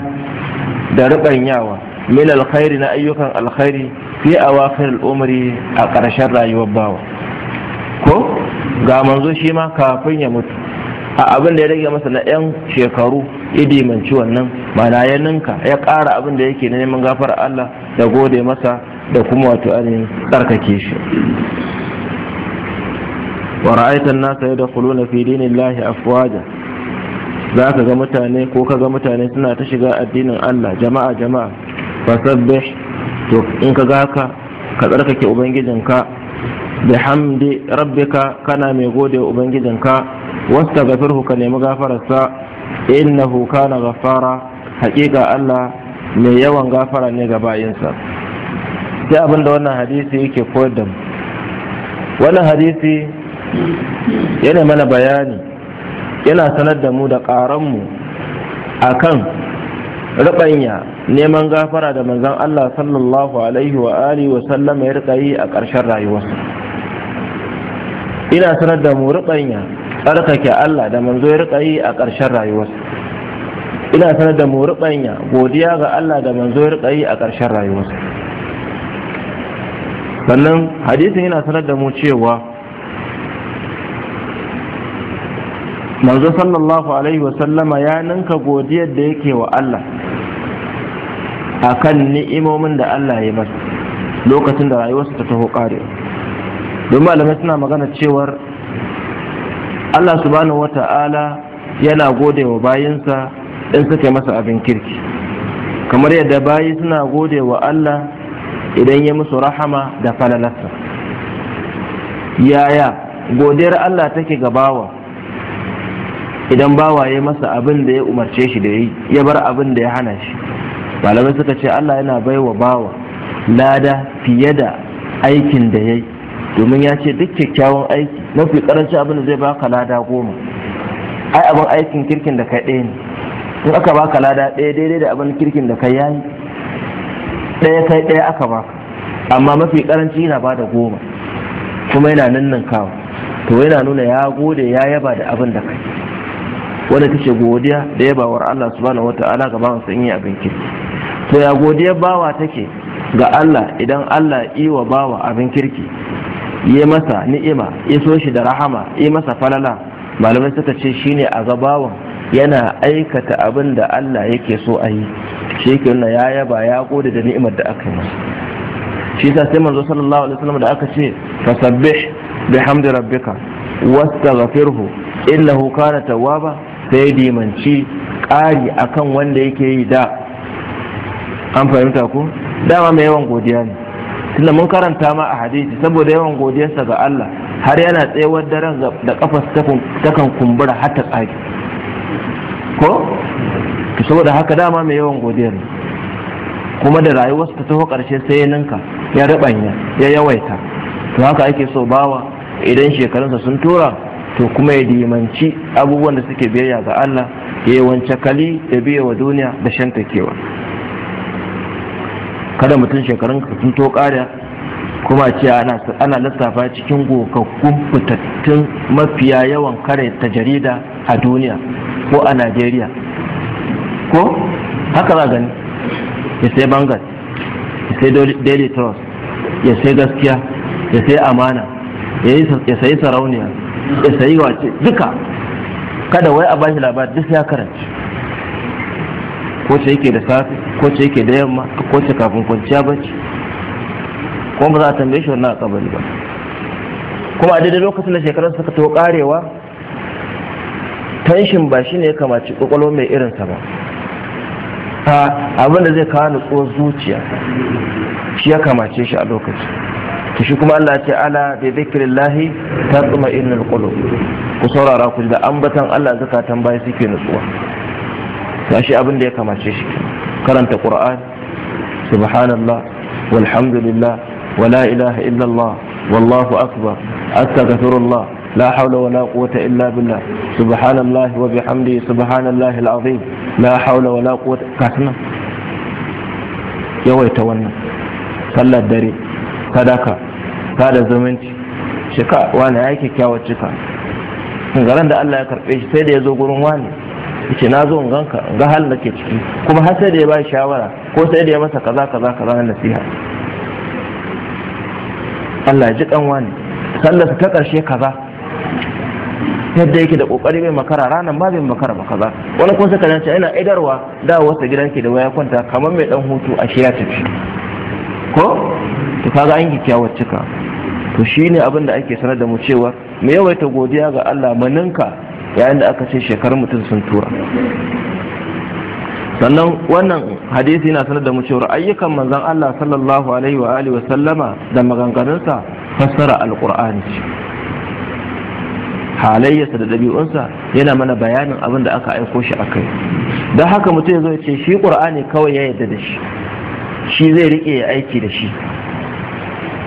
da riɓanyawa min alkhairi na ayyukan alkhairi fi awakhir al'umri a ƙarshen rayuwar bawa ko ga manzo shi ma kafin ya mutu a abin da ya rage masa na 'yan shekaru manci wannan mana ya ninka ya ƙara abin da yake na neman gafara Allah da gode masa da kuma wato ainihin tsarkake shi wa ra'aitan nasa na fi dinillahi afwaja za ka ga mutane ko ka ga mutane suna ta shiga addinin Allah jama'a jama'a sabbe to in ka ga haka ka tsarkake ubangijinka da hamdi rabbika kana mai gode ubangijinka wasta gafirhu ka nemi gafararsa innahu kana gafara hakika Allah mai yawan gafara ne ga bayinsa sai abin da wannan hadisi yake koyar da mu wannan hadisi yana mana bayani yana sanar da mu da ƙaranmu a kan riɓanya neman gafara da manzan Allah sallallahu alaihi wa alihi wa sallama ya riƙa yi a ƙarshen rayuwarsa ina sanar da mu riɓanya tsarkake Allah da manzo ya riƙa yi a ƙarshen rayuwarsa ina sanar da mu riɓanya godiya ga Allah da manzo ya riƙa yi a ƙarshen rayuwarsa sannan hadisin yana sanar da mu cewa manzo sallallahu alaihi wasallama ya ninka godiyar da yake wa Allah a kan ni'imomin da Allah ya masa lokacin da rayuwarsa ta taho ƙare domin malamai suna magana cewar Allah subhanahu ta'ala yana gode wa bayinsa in suka masa abin kirki kamar yadda bayi suna gode wa Allah idan ya musu rahama da falalarsa yaya godiyar Allah take ga bawa idan bawa ya masa abin da ya umarce shi da yi ya bar abin da ya hana shi malamai suka ce Allah yana baiwa bawa lada fiye da aikin da ya yi domin ya ce duk kyakkyawan aiki mafi karanci abin da zai baka lada goma ai abin aikin kirkin da ka ɗaya ne in aka baka lada ɗaya daidai da abin kirkin da ka yayi ɗaya kai ɗaya aka ba amma mafi karanci yana ba da goma kuma yana nan kawo to yana nuna ya gode ya yaba da abin da kai wanda kace godiya da yabawar Allah subhanahu wata'ala ga bawansa in yi abin kirki to ya godiya bawa take ga Allah idan Allah yi wa bawa abin kirki yi masa ni'ima ya so shi da rahama yi masa falala malamai suka ce shine a ga bawan yana aikata abin da Allah yake so a yi shi ke nuna ya yaba ya gode da ni'imar da aka yi masa shi ta sai manzo sallallahu alaihi wasallam da aka ce fasabbih bihamdi rabbika wastaghfirhu innahu kana tawwaba sai dimanci Kari akan wanda yake yi da an fahimta ko dama mai yawan godiya ne tunda mun karanta ma a hadisi saboda yawan godiyarsa ga Allah har yana tsayawar daren da kafas takan kumbura har ta tsage ko saboda haka dama mai yawan godiya ne kuma da rayuwarsa ta taho karshe sai ya ninka ya rabanya ya yawaita to haka ake so bawa idan shekarunsa sun tura to kuma ya dimanci abubuwan da suke biyayya ga Allah ya yi wance kali da biya wa duniya da takewa. kada mutum shekarun sun to kuma ce ana lissafa cikin gokakkun fitattun mafiya yawan kare ta jarida a duniya ko a najeriya ko haka za gani ya sai bangal ya sai daily trust ya sai gaskiya ya sai amana ya sayi sarauniya ya sayi wace duka kada wai a bashi labar duk ya karanci ko ce yake da safe ko ce yake da yamma ko ce kafin kwanciya bacci kuma ba za a tambaye shi wannan a kabari ba kuma a daidai lokacin da shekarar suka to karewa tanshin ba shi ne ya kamaci kwakwalwa mai irinsa ba abin da zai kawo nutsuwar zuciya shi ya kamace shi a lokaci to shi kuma Allah ce ala bi zikrillahi tatma innal qulub ku saurara ku da ambatan Allah zakatan bai suke nutsuwa ga shi abin da ya kamace shi karanta qur'an subhanallah walhamdulillah wala ilaha illallah wallahu akbar astaghfirullah لا حول ولا قوة إلا بالله سبحان الله وبحمده سبحان الله العظيم لا حول ولا قوة كاتنا يويت ون صلى الدري صدقة هذا زمنتي شكا وانا ايكي كاوة شكا garan da Allah ya karɓe shi sai da ya zo gurin wani yace na zo in ganka ga halin da ke ciki kuma har sai da ya shawara ko sai da ya masa kaza kaza kaza na nasiha Allah ji kan wani sallarsa ta ƙarshe kaza yadda yake da kokari mai makara ranar ba bai makara ba kaza wani kun saka nan ina idarwa dawowa sa gidan ke da waya kwanta kamar mai dan hutu a shi ya tafi ko to kaga an yi kyawar cika to shine abin da ake sanar da mu cewa mu yawaita godiya ga Allah maninka yayin da aka ce shekarun mutum sun tura sannan wannan hadisi yana sanar da mu cewa ayyukan manzon Allah sallallahu alaihi wa alihi wa sallama da maganganunsa fassara alqur'ani halayyarsa da ɗabi'unsa yana mana bayanin abin da aka aiko shi akai don haka mutum ya zo ya ce shi ƙur'ani kawai ya yarda da shi shi zai riƙe ya aiki da shi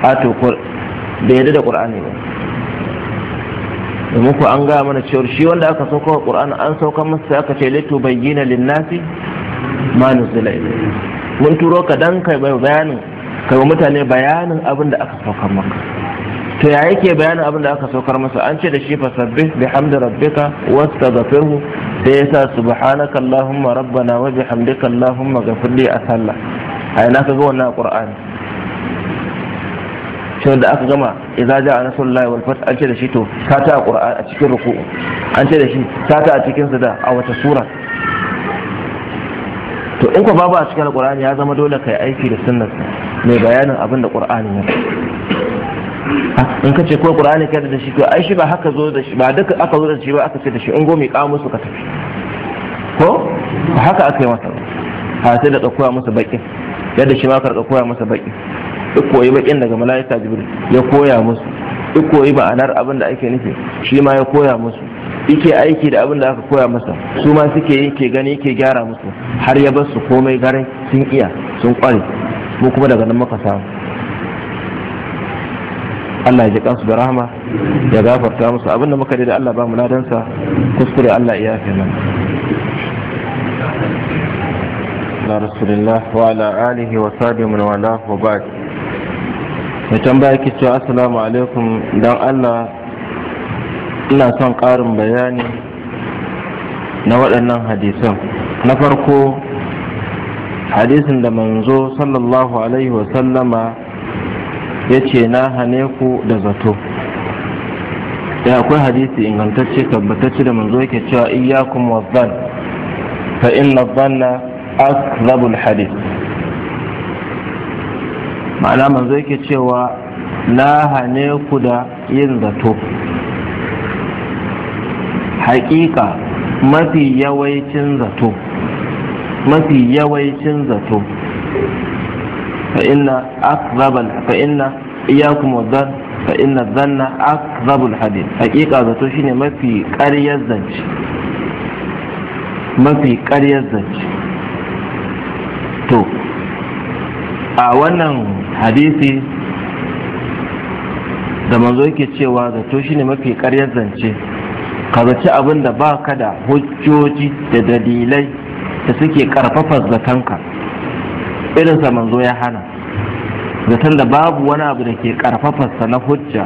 a to da yarda da ƙur'ani ba domin ku an gaya mana cewar shi wanda aka sauka wa ƙur'ani an sauka masa aka ce bai bayyana linnasi ma nuzila mun turo ka dan kai bayanin kai wa mutane bayanin abin da aka sauka maka to ya yake bayanin abin da aka saukar masa an ce da shi fasabbih hamdi rabbika wa astaghfiruhu da yasa subhanaka allahumma rabbana wa bihamdika allahumma ghafirli a sallah a ina ka ga wannan qur'ani Shin da aka gama idza ja'a nasrullahi wal fath an ce da shi to ka ta qur'ani a cikin ruku, an ce da shi ta a cikin sada a wata sura to in ko babu a cikin alqur'ani ya zama dole kai aiki da sunnar mai bayanin abin da qur'ani ne in ka ce ko qur'ani ka da shi to ai shi ba haka zo da shi ba duka aka zo da shi ba aka ce da shi in gomi ka musu ka tafi ko ba haka aka yi masa ba sai da koya masa bakin yadda shi ma ka koya masa bakin duk koyi bakin daga malaika jibril ya koya musu duk koyi ma'anar abin da ake nufi shi ma ya koya musu yake aiki da abin da aka koya masa su ma suke yi ke gani ke gyara musu har ya bar su komai garin sun iya sun kware mu kuma daga nan muka samu Allah ya ji da rahama ya gafarta musu abinda muka da Allah ba mu ladansa kuskure Allah ya yafe mana ala rasulillah wa ala alihi wa sahbihi min wala wa ba'd mai tambaya ki cewa assalamu alaikum dan Allah ina son ƙarin bayani na waɗannan hadisan na farko hadisin da manzo sallallahu alaihi wa sallama ya ce na hane ku da zato ya akwai hadisi ingantacce tabbatacce da manzo yake cewa iyakum wazzan fa inna dhanna akdhabul alhadith ma'ana manzo yake cewa na hane ku da yin zato haƙiƙa mafi yawaicin zato mafi yawaicin zato فإن أكذب فإن إياكم والظن فإن الظن أكذب الحديث حقيقة ذاته شيني ما في قرية الزنج ما في قرية zance. تو a wannan hadisi da manzo yake cewa zato shine mafi karyar zance ka zaci abin da ba ka da hujjoji da dalilai da suke karfafa ka irinsa manzo ya hana zaton da babu wani abu da ke karfafarsa na hujja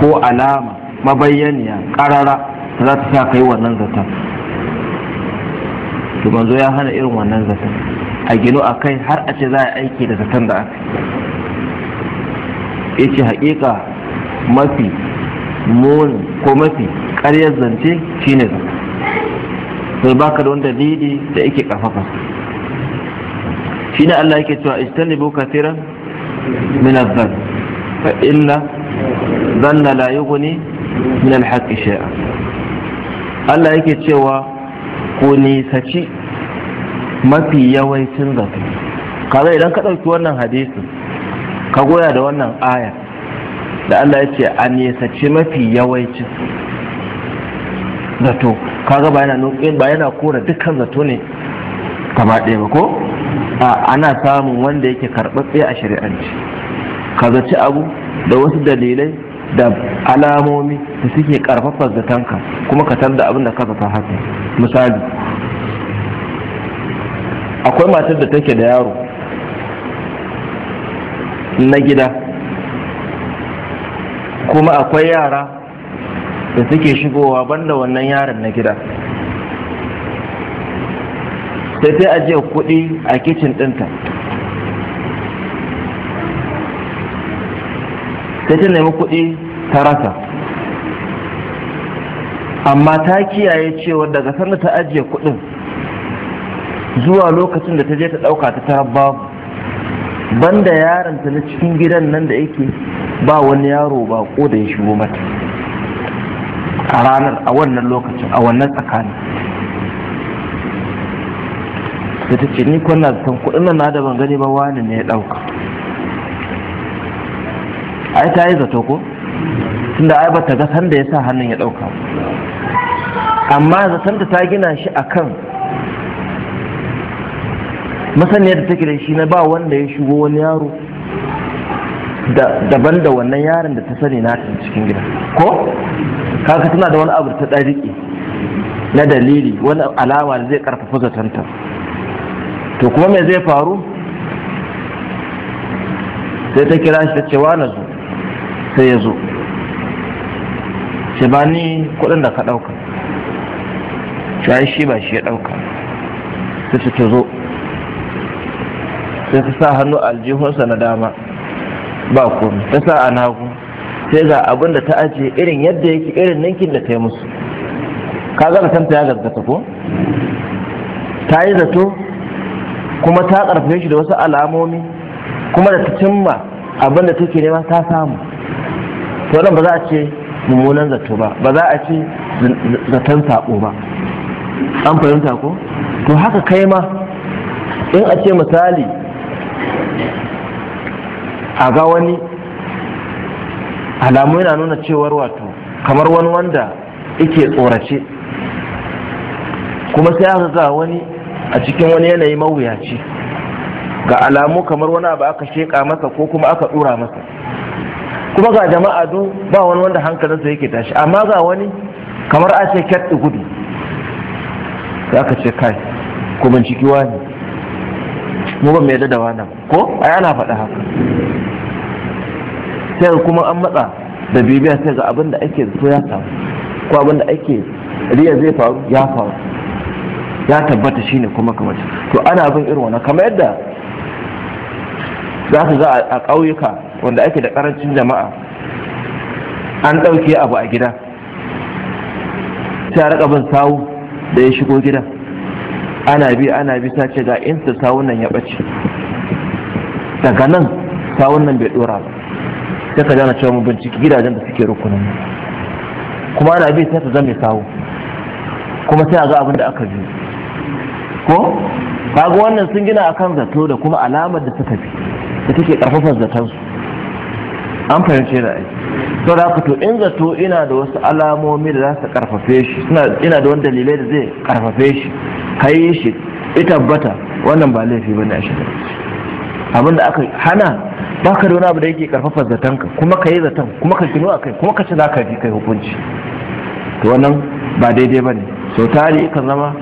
ko alama mabayyaniya karara za ta sa kai wannan zaton to manzo ya hana irin wannan zaton a gino a kai har a ce za a aiki da zaton da aka ya ce haƙiƙa mafi muni ko mafi ƙaryar zance shine zaton sai baka da wani dalili da yake karfafarsa shine Allah yake cewa ijtanibu kathiran min adh-dhann fa illa dhanna la yughni min al shay'a Allah yake cewa ku nisaci mafi yawancin zato kaza idan ka ɗauki wannan hadisi ka goya da wannan aya da Allah ya ce a nisaci mafi yawancin zato kaga ba yana ba yana kora dukkan zato ne Kama ɗaya ba ko A'a ana samun wanda yake karɓaɓɓe a shari'anci ka zaci abu da wasu dalilai da alamomi da suke karfafa zatanka kuma ka tarda abin da ka zata haka misali akwai matar da take da yaro na gida kuma akwai yara da suke shigowa banda wannan yaron na gida sai ta ajiyar kuɗi a kicin ɗinta sai ta nemi kuɗi ta rasa amma ta kiyaye cewa daga sanda ta ajiye kuɗin zuwa lokacin da ta je ta ɗauka ta tara babu banda yaronta na cikin gidan nan da yake ba wani yaro ba ko da ya shigo mata a ranar a wannan lokacin a wannan tsakanin da ta ce ni kwanna da san kuɗin nan na da ban gani ba wani ne ya ɗauka ai ta yi zato ko tunda ai ba ta ga sanda ya sa hannun ya ɗauka amma zatanta ta gina shi akan masaniyar da take da shi na ba wanda ya shigo wani yaro daban da wannan yaron da ta sani na cikin gida ko kaka tana da wani abu ta ɗariƙe na dalili wani alama da zai ƙarfafa zatanta to kuma me zai faru sai ta kira shi ta ce na zo sai ya zo Sai ba ni kudin da ka dauka shi shi ba shi ya dauka sai ta zo sai ta sa hannu aljihunsa na dama ba komai ta sa a nagu sai ga abin da ta ajiye irin yadda yake irin ninkin da ta yi musu ka zara kanta ya gaskata ko ta yi zato kuma ta ƙarfafe shi da wasu alamomi kuma da ta cimma abinda da take nema ta samu to ba za a ce mummunan zato ba ba za a ce zaton saƙo ba an fahimta ko to haka kai ma in a ce misali a ga wani alamu yana nuna cewar wato kamar wani wanda yake tsorace kuma sai aka ga wani a cikin wani yanayi mawuyaci ga alamu kamar wani abu aka sheƙa masa ko kuma aka ɗura masa kuma ga jama'a du ba wani wanda hankalinsa yake tashi amma ga wani kamar a ce kyat gudu za ka ce kai ko ban ciki wani mu ban mai da wani ko a yana faɗa haka sai kuma an matsa da bibiya sai ga abin da ake so ya samu ko abin da ake riya zai faru ya faru ya tabbata shine kuma kamar to ana bin irin wannan kamar yadda za su za a ƙauyuka wanda ake da ƙarancin jama'a an ɗauke abu a gida sai a rika bin sawu da ya shigo gida ana bi ana bi ta ce ga insta sawun nan ya ɓace daga nan sawun nan bai ɗora ba sai ka jana cewa mu binciki gidajen da suke rukunin kuma ana bi sai ta zama sawu kuma sai a ga abin da aka biyu ko kaga wannan sun gina akan zato da kuma alamar da suka fi da take karfafar zaton su an fahimce da ai to da to in zato ina da wasu alamomi da za su karfafe shi ina da wani dalilai da zai karfafe shi kai shi ita tabbata wannan ba laifi bane a shiga abin da aka hana ba ka da wani abu da yake karfafa zaton ka kuma ka yi zaton kuma ka gino a kai kuma ka ci za ka ji kai hukunci to wannan ba daidai ba ne so tari kan zama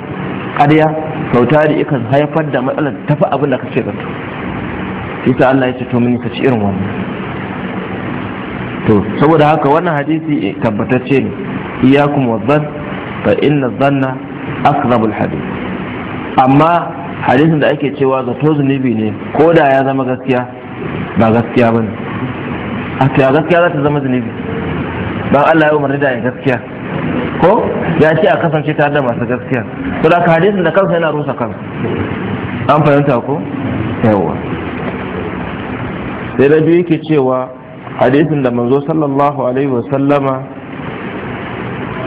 ƙarya ta da ikan haifar da matsalar tafi abin da kace zato ta Allah ya ce to mun ci irin wannan to saboda haka wannan hadisi tabbatacce ne iyakum wadhan fa inna dhanna Asrabul hadith amma hadisin da ake cewa zato zunubi ne ko da ya zama gaskiya ba gaskiya bane a gaskiya za ta zama zunubi Ba Allah ya umarni da ya gaskiya ko ya ce a kasance tare da masu gaskiya to da hadisin da kansa yana rusa kansa an fahimta ko yawa sai da biyu yake cewa hadisin da manzo sallallahu alaihi wa sallama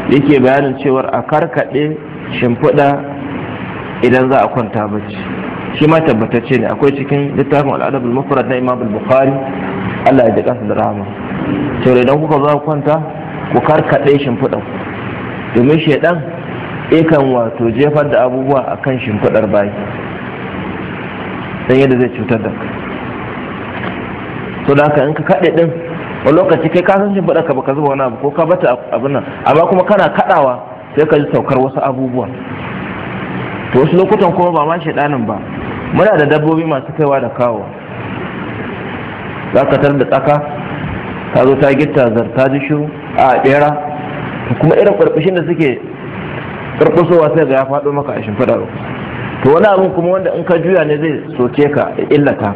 yake bayanin cewar a karkade shimfiɗa idan za a kwanta bacci shi ma tabbatacce ne akwai cikin littafin al mufrad na imam al-bukhari Allah ya ji kansa da rahama to idan kuka za ku kwanta ku karkade shimfiɗan domin shaidan ikan wato jefar da abubuwa a kan shimfiɗar bayi don yadda zai cutar da su da haka in ka kaɗe ɗin a lokaci kai kasan shimfiɗar ka baka zuba wani abu ko ka bata abin nan amma kuma kana kaɗawa sai ka ji saukar wasu abubuwa to wasu lokutan kuma ba ma shaidanin ba muna da dabbobi masu kaiwa da kawo za ka tar da tsaka ta zo ta gitta zar ta ji shiru a ɓera kuma irin ƙarƙashin da suke ƙarƙasowa sai ga ya faɗo maka a shimfiɗa to wani abin kuma wanda in ka juya ne zai soke ka illata ka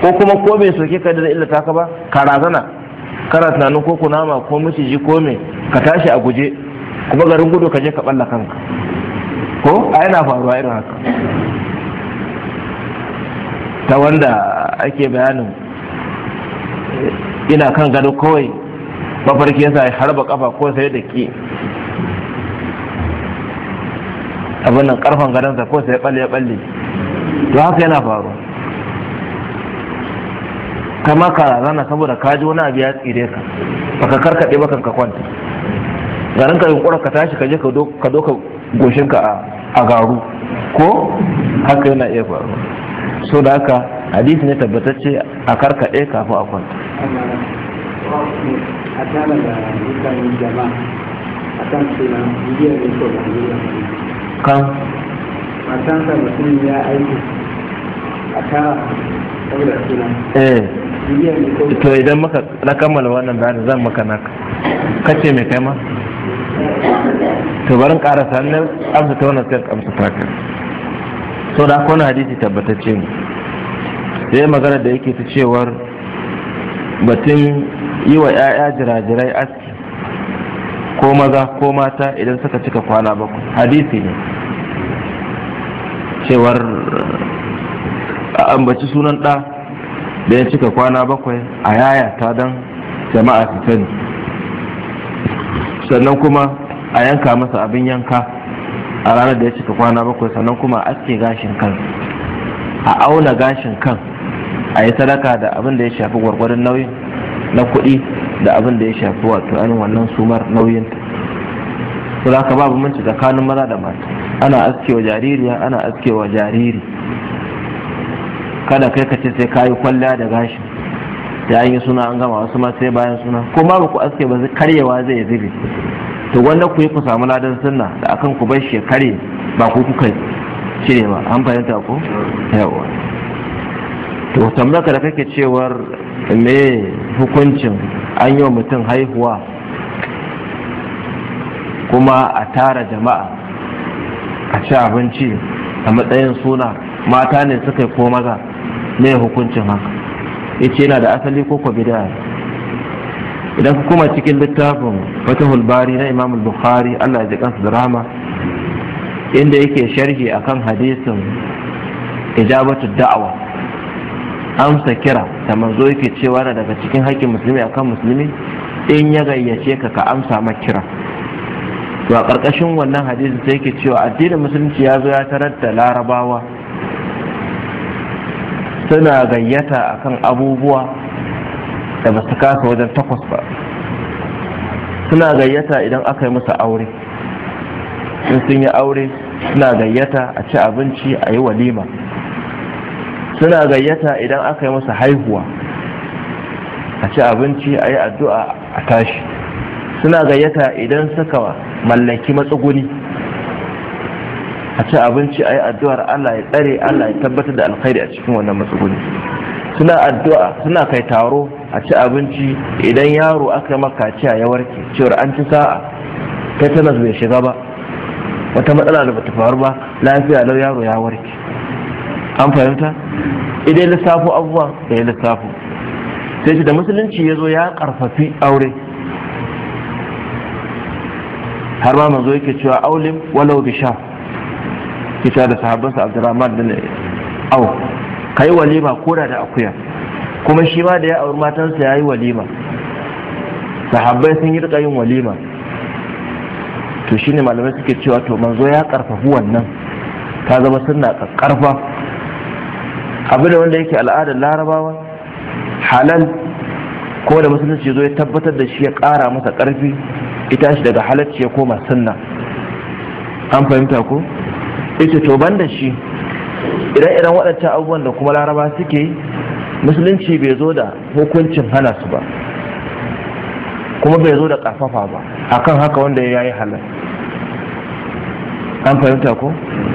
ko kuma ko bai soke ka da zai illata ka ba ka razana kana tunanin ko kunama ko maciji ko me ka tashi a guje kuma garin gudu ka je ka balla kanka ko a yana faruwa irin haka ta wanda ake bayanin eh, ina kan gado kawai mafarki yasa ya harba kafa ko sai da ke abin nan karfan gadonsa ko sai ya balle ya balle to haka yana faru kama ka rana saboda ka ji wani abu ya tsire ka baka karkade bakan ka kwanta garin ka yunkura ka tashi ka je ka doka goshin ka a garu ko haka yana iya faru so da haka hadisi ne tabbatacce a karkade kafin a kwanta
kofi a tare da mutanen jama'a a kan suna biyar da ko da kan a kan sa mutum ya aiki a tara saboda suna eh. to
idan maka na kammala wannan bayanin zan maka na kace mai kai ma to barin karasa nan amsa ta wannan sai amsa ta kai so da akwai hadisi tabbatacce ne sai magana da yake ta cewar batun yi wa 'ya'ya jirajirai aski ko maza ko mata idan suka cika kwana bakwai hadisi ne cewar a ambaci sunan ɗa da ya cika kwana bakwai a yaya ta don jama'a su sani sannan kuma a yanka masa abin yanka a ranar da ya cika kwana bakwai sannan kuma a aske gashin kan a auna gashin kan a yi sadaka da abin da ya shafi gwargwarin nauyin na kuɗi da abin da ya shafi wato ainihin wannan sumar nauyin ta. to za babu minci tsakanin maza da mata ana askewa jaririya ana askewa jariri kada kai ka ce sai kayi kwalliya da gashi ya yi suna an gama wasu ma sai bayan suna ko ma ba ku aske ba karyewa zai zube to wanda ku yi ku samu ladan sunna da akan ku bar shi kare ba ku kuka cire ba an fahimta ko yawa to tambaka da kake cewar me hukuncin an yi wa mutum haihuwa kuma a tara jama'a a ci abinci a matsayin suna mata ne suka yi ko maza ne hukuncin haka yace yana da asali ko ko bid'a idan ku kuma cikin littafin fatahul bari na imam bukhari Allah ya ji kansa da rahama inda yake sharhi akan hadisin ijabatu da'awa amsa kira da manzo yake cewa na daga cikin haƙƙin musulmi akan musulmi in ya gayyace ka ka amsa ma kira to a ƙarƙashin wannan hadisi sai yake cewa addinin musulunci ya zo ya tarar da larabawa suna gayyata akan abubuwa da ba su kasa wajen takwas ba suna gayyata idan aka yi musu aure in sun yi aure suna gayyata a ci abinci a yi walima suna gayyata idan aka yi masa haihuwa a ci abinci a yi addu'a a tashi suna gayyata idan suka mallaki matsuguni a ci abinci a yi addu'ar Allah ya tsare Allah ya tabbatar da alkhairi a cikin wannan matsuguni suna addu'a suna kai taro a ci abinci idan yaro aka yi makaciya ya warke cewar an ci sa'a tetanus bai shiga ba wata matsala da bata faru ba lafiya lau yaro ya warke an fahimta idan lissafo abubuwa da ya lissafo sai shi da musulunci ya zo ya karfafi aure har ma manzo yake cewa aulim walau bi sha ke da sahabbansa abdurrahman da au kai walima ko da akuya kuma shi ma da ya auri matansa ya yi walima sahabbai sun yi yin walima to shine malamai suke cewa to manzo ya karfafi wannan ta zama suna karfa abu da wanda yake al'adar larabawa halal ko da musulunci zo ya tabbatar da shi ya kara masa ƙarfi ita shi daga halacci ya koma sunna an fahimta ko ita to da shi idan idan waɗancan abubuwan da kuma laraba suke musulunci bai zo da hukuncin hana su ba kuma bai zo da ƙarfafa ba akan haka wanda ya yi halal an fahimta ko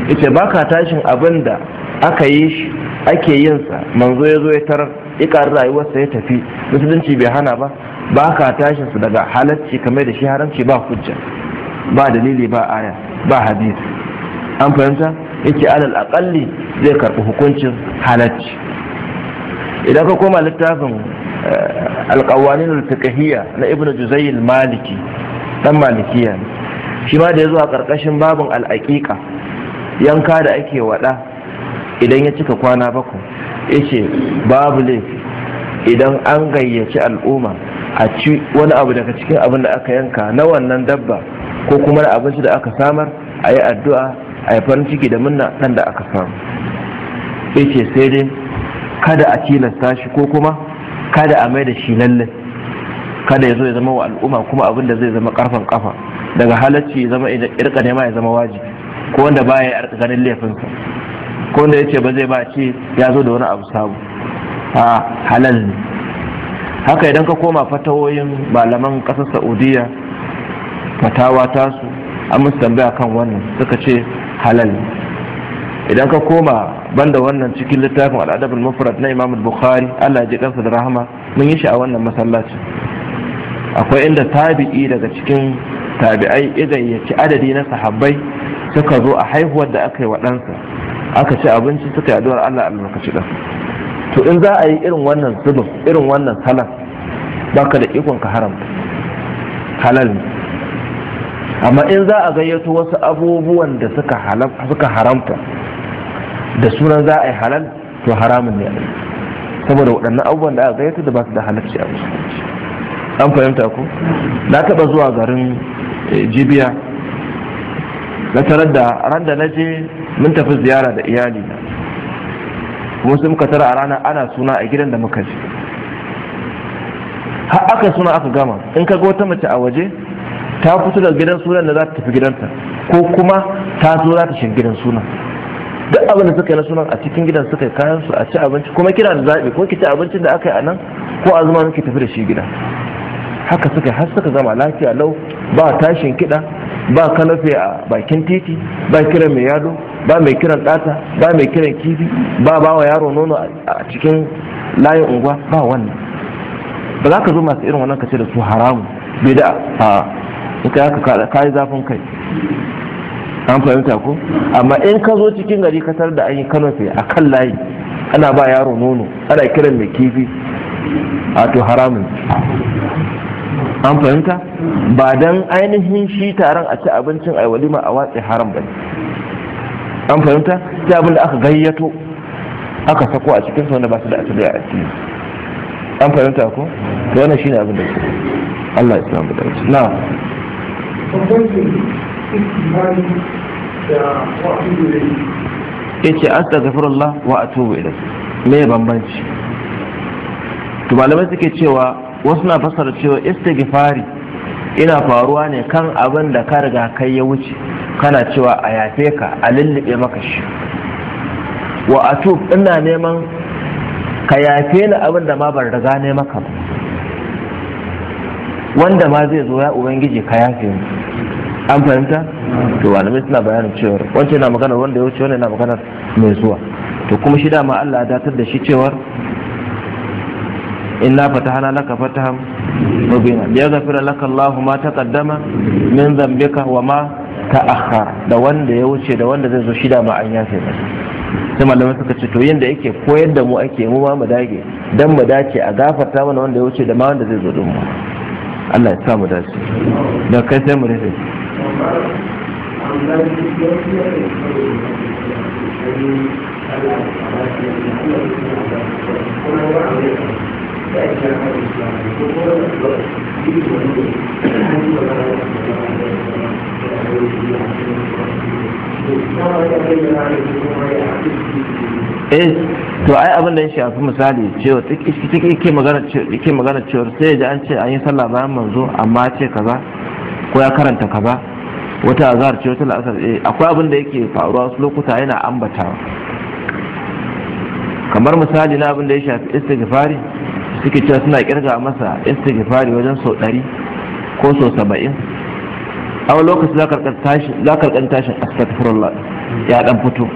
ita baka tashin abin da aka yi shi ake yin sa manzo ya zo ya tarar ikar rayuwarsa ya tafi musulunci bai hana ba ba ka tashin su daga halacci kamar da shi haramci ba hujja ba dalili ba aya ba hadisi an fahimta yake alal akalli zai karɓi hukuncin halacci idan ka koma littafin eh, alƙawanin fiqhiyya na ibnu juzayil maliki dan malikiya shi ma da ya zo a ƙarƙashin babin al'aƙiƙa yanka da ake waɗa idan ya cika kwana bakwai ya ce babu laifi idan an gayyaci al'umma a ci wani abu daga cikin abin da aka yanka na wannan dabba ko kuma da abinci da aka samar a yi addu'a a yi farin ciki da munna ɗan da aka samu ya ce sai dai kada a tilasta shi ko kuma kada a mai da shi lallai kada ya zo ya zama wa al'umma kuma abin da zai zama karfan kafa daga halacci ya zama irka nema ya zama wajibi ko wanda baya ganin laifinsa ko da ce ba zai ba ce ya zo da wani abu sabu a halal ne haka idan ka koma fatawoyin malaman ƙasar saudiya fatawa tasu an musu tambaya kan wannan suka ce halal idan ka koma banda wannan cikin littafin al'adabin mufrad na imam bukhari Allah ji kansa da rahama mun yi shi a wannan masallaci akwai inda tabi'i daga cikin tabi'ai ya adadi na sahabbai suka zo a haihuwar da aka yi wa ɗansa aka ci abinci suka yi addu'ar Allah lokaci da to in za a yi irin wannan zubin irin wannan salat baka da ikon ka haram halal ne amma in za a gayyato wasu abubuwan da suka haramta da sunan za a yi halal to haramun ne saboda waɗannan abubuwan da aka gayyato da ba su da halarci a musulunci an fahimta ku? na taɓa zuwa garin eh, jibiya na tarar da ran da na je mun tafi ziyara da iyali na kuma sai muka tara a rana ana suna a gidan da muka je har aka suna aka gama in ka ga wata mace a waje ta fito daga gidan sunan da za ta tafi gidanta ko kuma ta zo za ta shiga gidan sunan duk abin da suka yi na sunan a cikin gidan suka yi kayan su a ci abinci kuma kira da zaɓi ko ki ci abincin da aka yi a nan ko a zama muke tafi da shi gida haka suka har suka gama lafiya lau ba tashin kiɗa ba kanafe a bakin titi ba kiran mai yado ba mai kiran ɗata ba mai kiran kifi ba ba wa yaro nono a cikin layin unguwa ba wannan ba za ka zo masu irin wannan kace da su haramu bida a in ka haka ka yi zafin kai an fahimta ko amma in ka zo cikin gari kasar da an yi kanofe a kan layi ana ba yaro nono ana kiran mai kifi a to haramun an fahimta ba don ainihin shi taron a ci abincin a walima a watsi haram ba an fahimta shi abin da aka gayyato aka sako a cikin wanda ba su da asali a asali an fahimta ko to wannan shine abin da Allah ya samu da shi na yace astaghfirullah wa atubu ilayh me bambanci to malamai suke cewa wasu na fassara cewa istighfari ina faruwa ne kan abin da ka riga kai ya wuce kana cewa a yafe ka a lullube maka shi wa atub ina neman ka yafe ni abin da ma ban riga ne maka ba wanda ma zai zo ya ubangiji ka yafe ni an fahimta to mai suna bayanin cewa wancan na magana wanda ya wuce wani na magana mai zuwa to kuma shi dama Allah ya datar da shi cewar إنا فتحنا لك فتحا مبينا ليغفر لك الله ما تقدم من ذنبك وما تأخر da wanda ya wuce da wanda zai zo shida ma an yafe masa sai malamai suka ce to yanda yake koyar da mu ake mu ma mu dage dan mu dace a gafarta mana wanda ya wuce da ma wanda zai zo din mu Allah ya sa mu dace da kai sai mu rufe
Thank you. eh
to ai abin da ya shafi misali cewa yake magana yake magana cewa sai ya ji an ce an yi sallah bayan manzo amma ce kaza ko ya karanta kaza wata azhar ce wata la'asar eh akwai abin da yake faruwa wasu lokuta yana ambatawa kamar misali na abin da ya shafi istighfari suke cewa suna kirga masa istighfari wajen sau ɗari ko sau saba'in a wani lokaci za karkan tashin astaghfirullah ya dan fito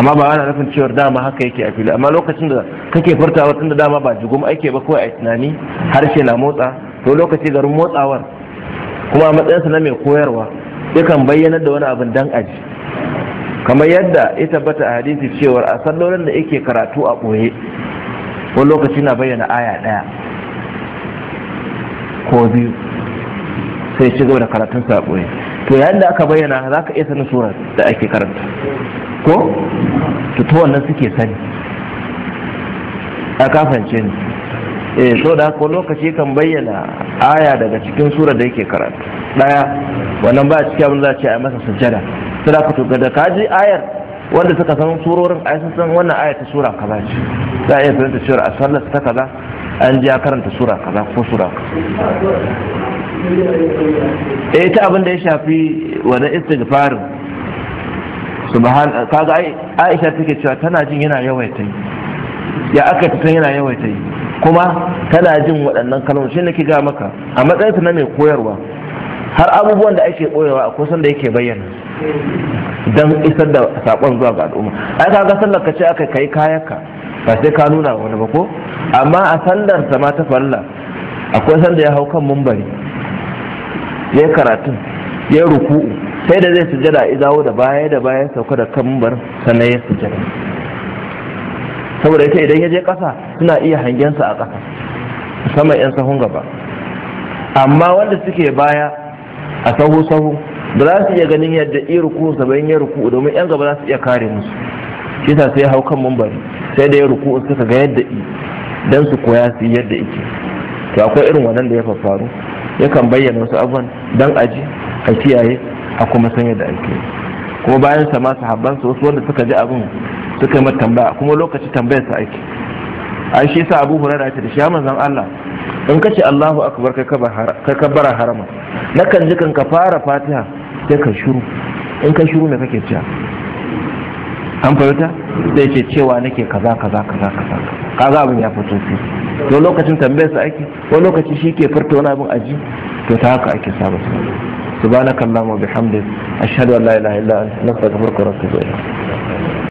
amma ba wani nufin cewar dama haka yake a fili amma lokacin da kake furtawa tunda dama ba jigum ake ba kawai a tunani harshe na motsa to lokaci garin motsawar kuma a matsayinsa na mai koyarwa yakan bayyanar da wani abin dan aji kamar yadda ya tabbata a hadisi cewar a sallolin da yake karatu a ɓoye wani lokaci na bayyana aya ɗaya ko biyu sai ci gaba da karatun saƙoyi to yayin da aka bayyana za ka iya sanin surar da ake karanta ko to ta wannan suke sani a kafance ne eh so da haka lokaci kan bayyana aya daga cikin surar da yake karatu ɗaya wannan ba a cikin abin za a ce a masa sujjada sai da ka tuka da ka ji ayar wanda suka san surorin a sun san wannan aya ta sura kaza ce za a iya fahimta cewa a sallar ta kaza an ji ya karanta sura kaza ko sura
kaza
ita eh, abin da ya shafi wani istighfarin subhan kaga ai Aisha take cewa tana jin yana yawaita ya aka ta yana yawaita kuma tana jin waɗannan kalmomi shi ki ga maka a matsayin na mai koyarwa har abubuwan da ake ɓoyewa a kusan da yake bayyana don isar da saƙon zuwa ga al'umma ai kaga sallar ka ce aka kai kayanka ba sai ka nuna wani ba ko amma a sallar sama ta falla akwai sanda ya hau kan mumbari ya karatun ya ruku'u sai da zai sujada izawo da baya da baya sauka da kan mumbar sannan ya sujada saboda yake idan ya je ƙasa suna iya hangensa a ƙasa musamman 'yan sahun gaba amma wanda suke baya a sahu sahu ba za su iya ganin yadda iya ruku bayan ya ruku domin yan gaba za su iya kare musu shi sa sai hau kan mambari sai da ya ruku suka ga yadda i dan su koya su yadda ike to akwai irin wannan da ya faru yakan bayyana wasu abubuwan dan aji a kiyaye a kuma san yadda ake kuma bayan sa ma sahabban wasu wanda suka ji abin suka yi tambaya kuma lokaci tambayar su ake an shi sa abu hurara ta da shi zan Allah in ka ce Allahu akbar ka kabbara harama na kan ji kan ka fara fatiha sai ka shiru in ka shiru me kake cewa an fahimta sai ce cewa nake kaza kaza kaza kaza kaza abin ya fito fi to lokacin tambayar sa ake ko lokaci shi ke furta wani abin aji to ta haka ake saba subhanakallahumma bihamdik ashhadu an la ilaha illa anta astaghfiruka wa atubu ilayk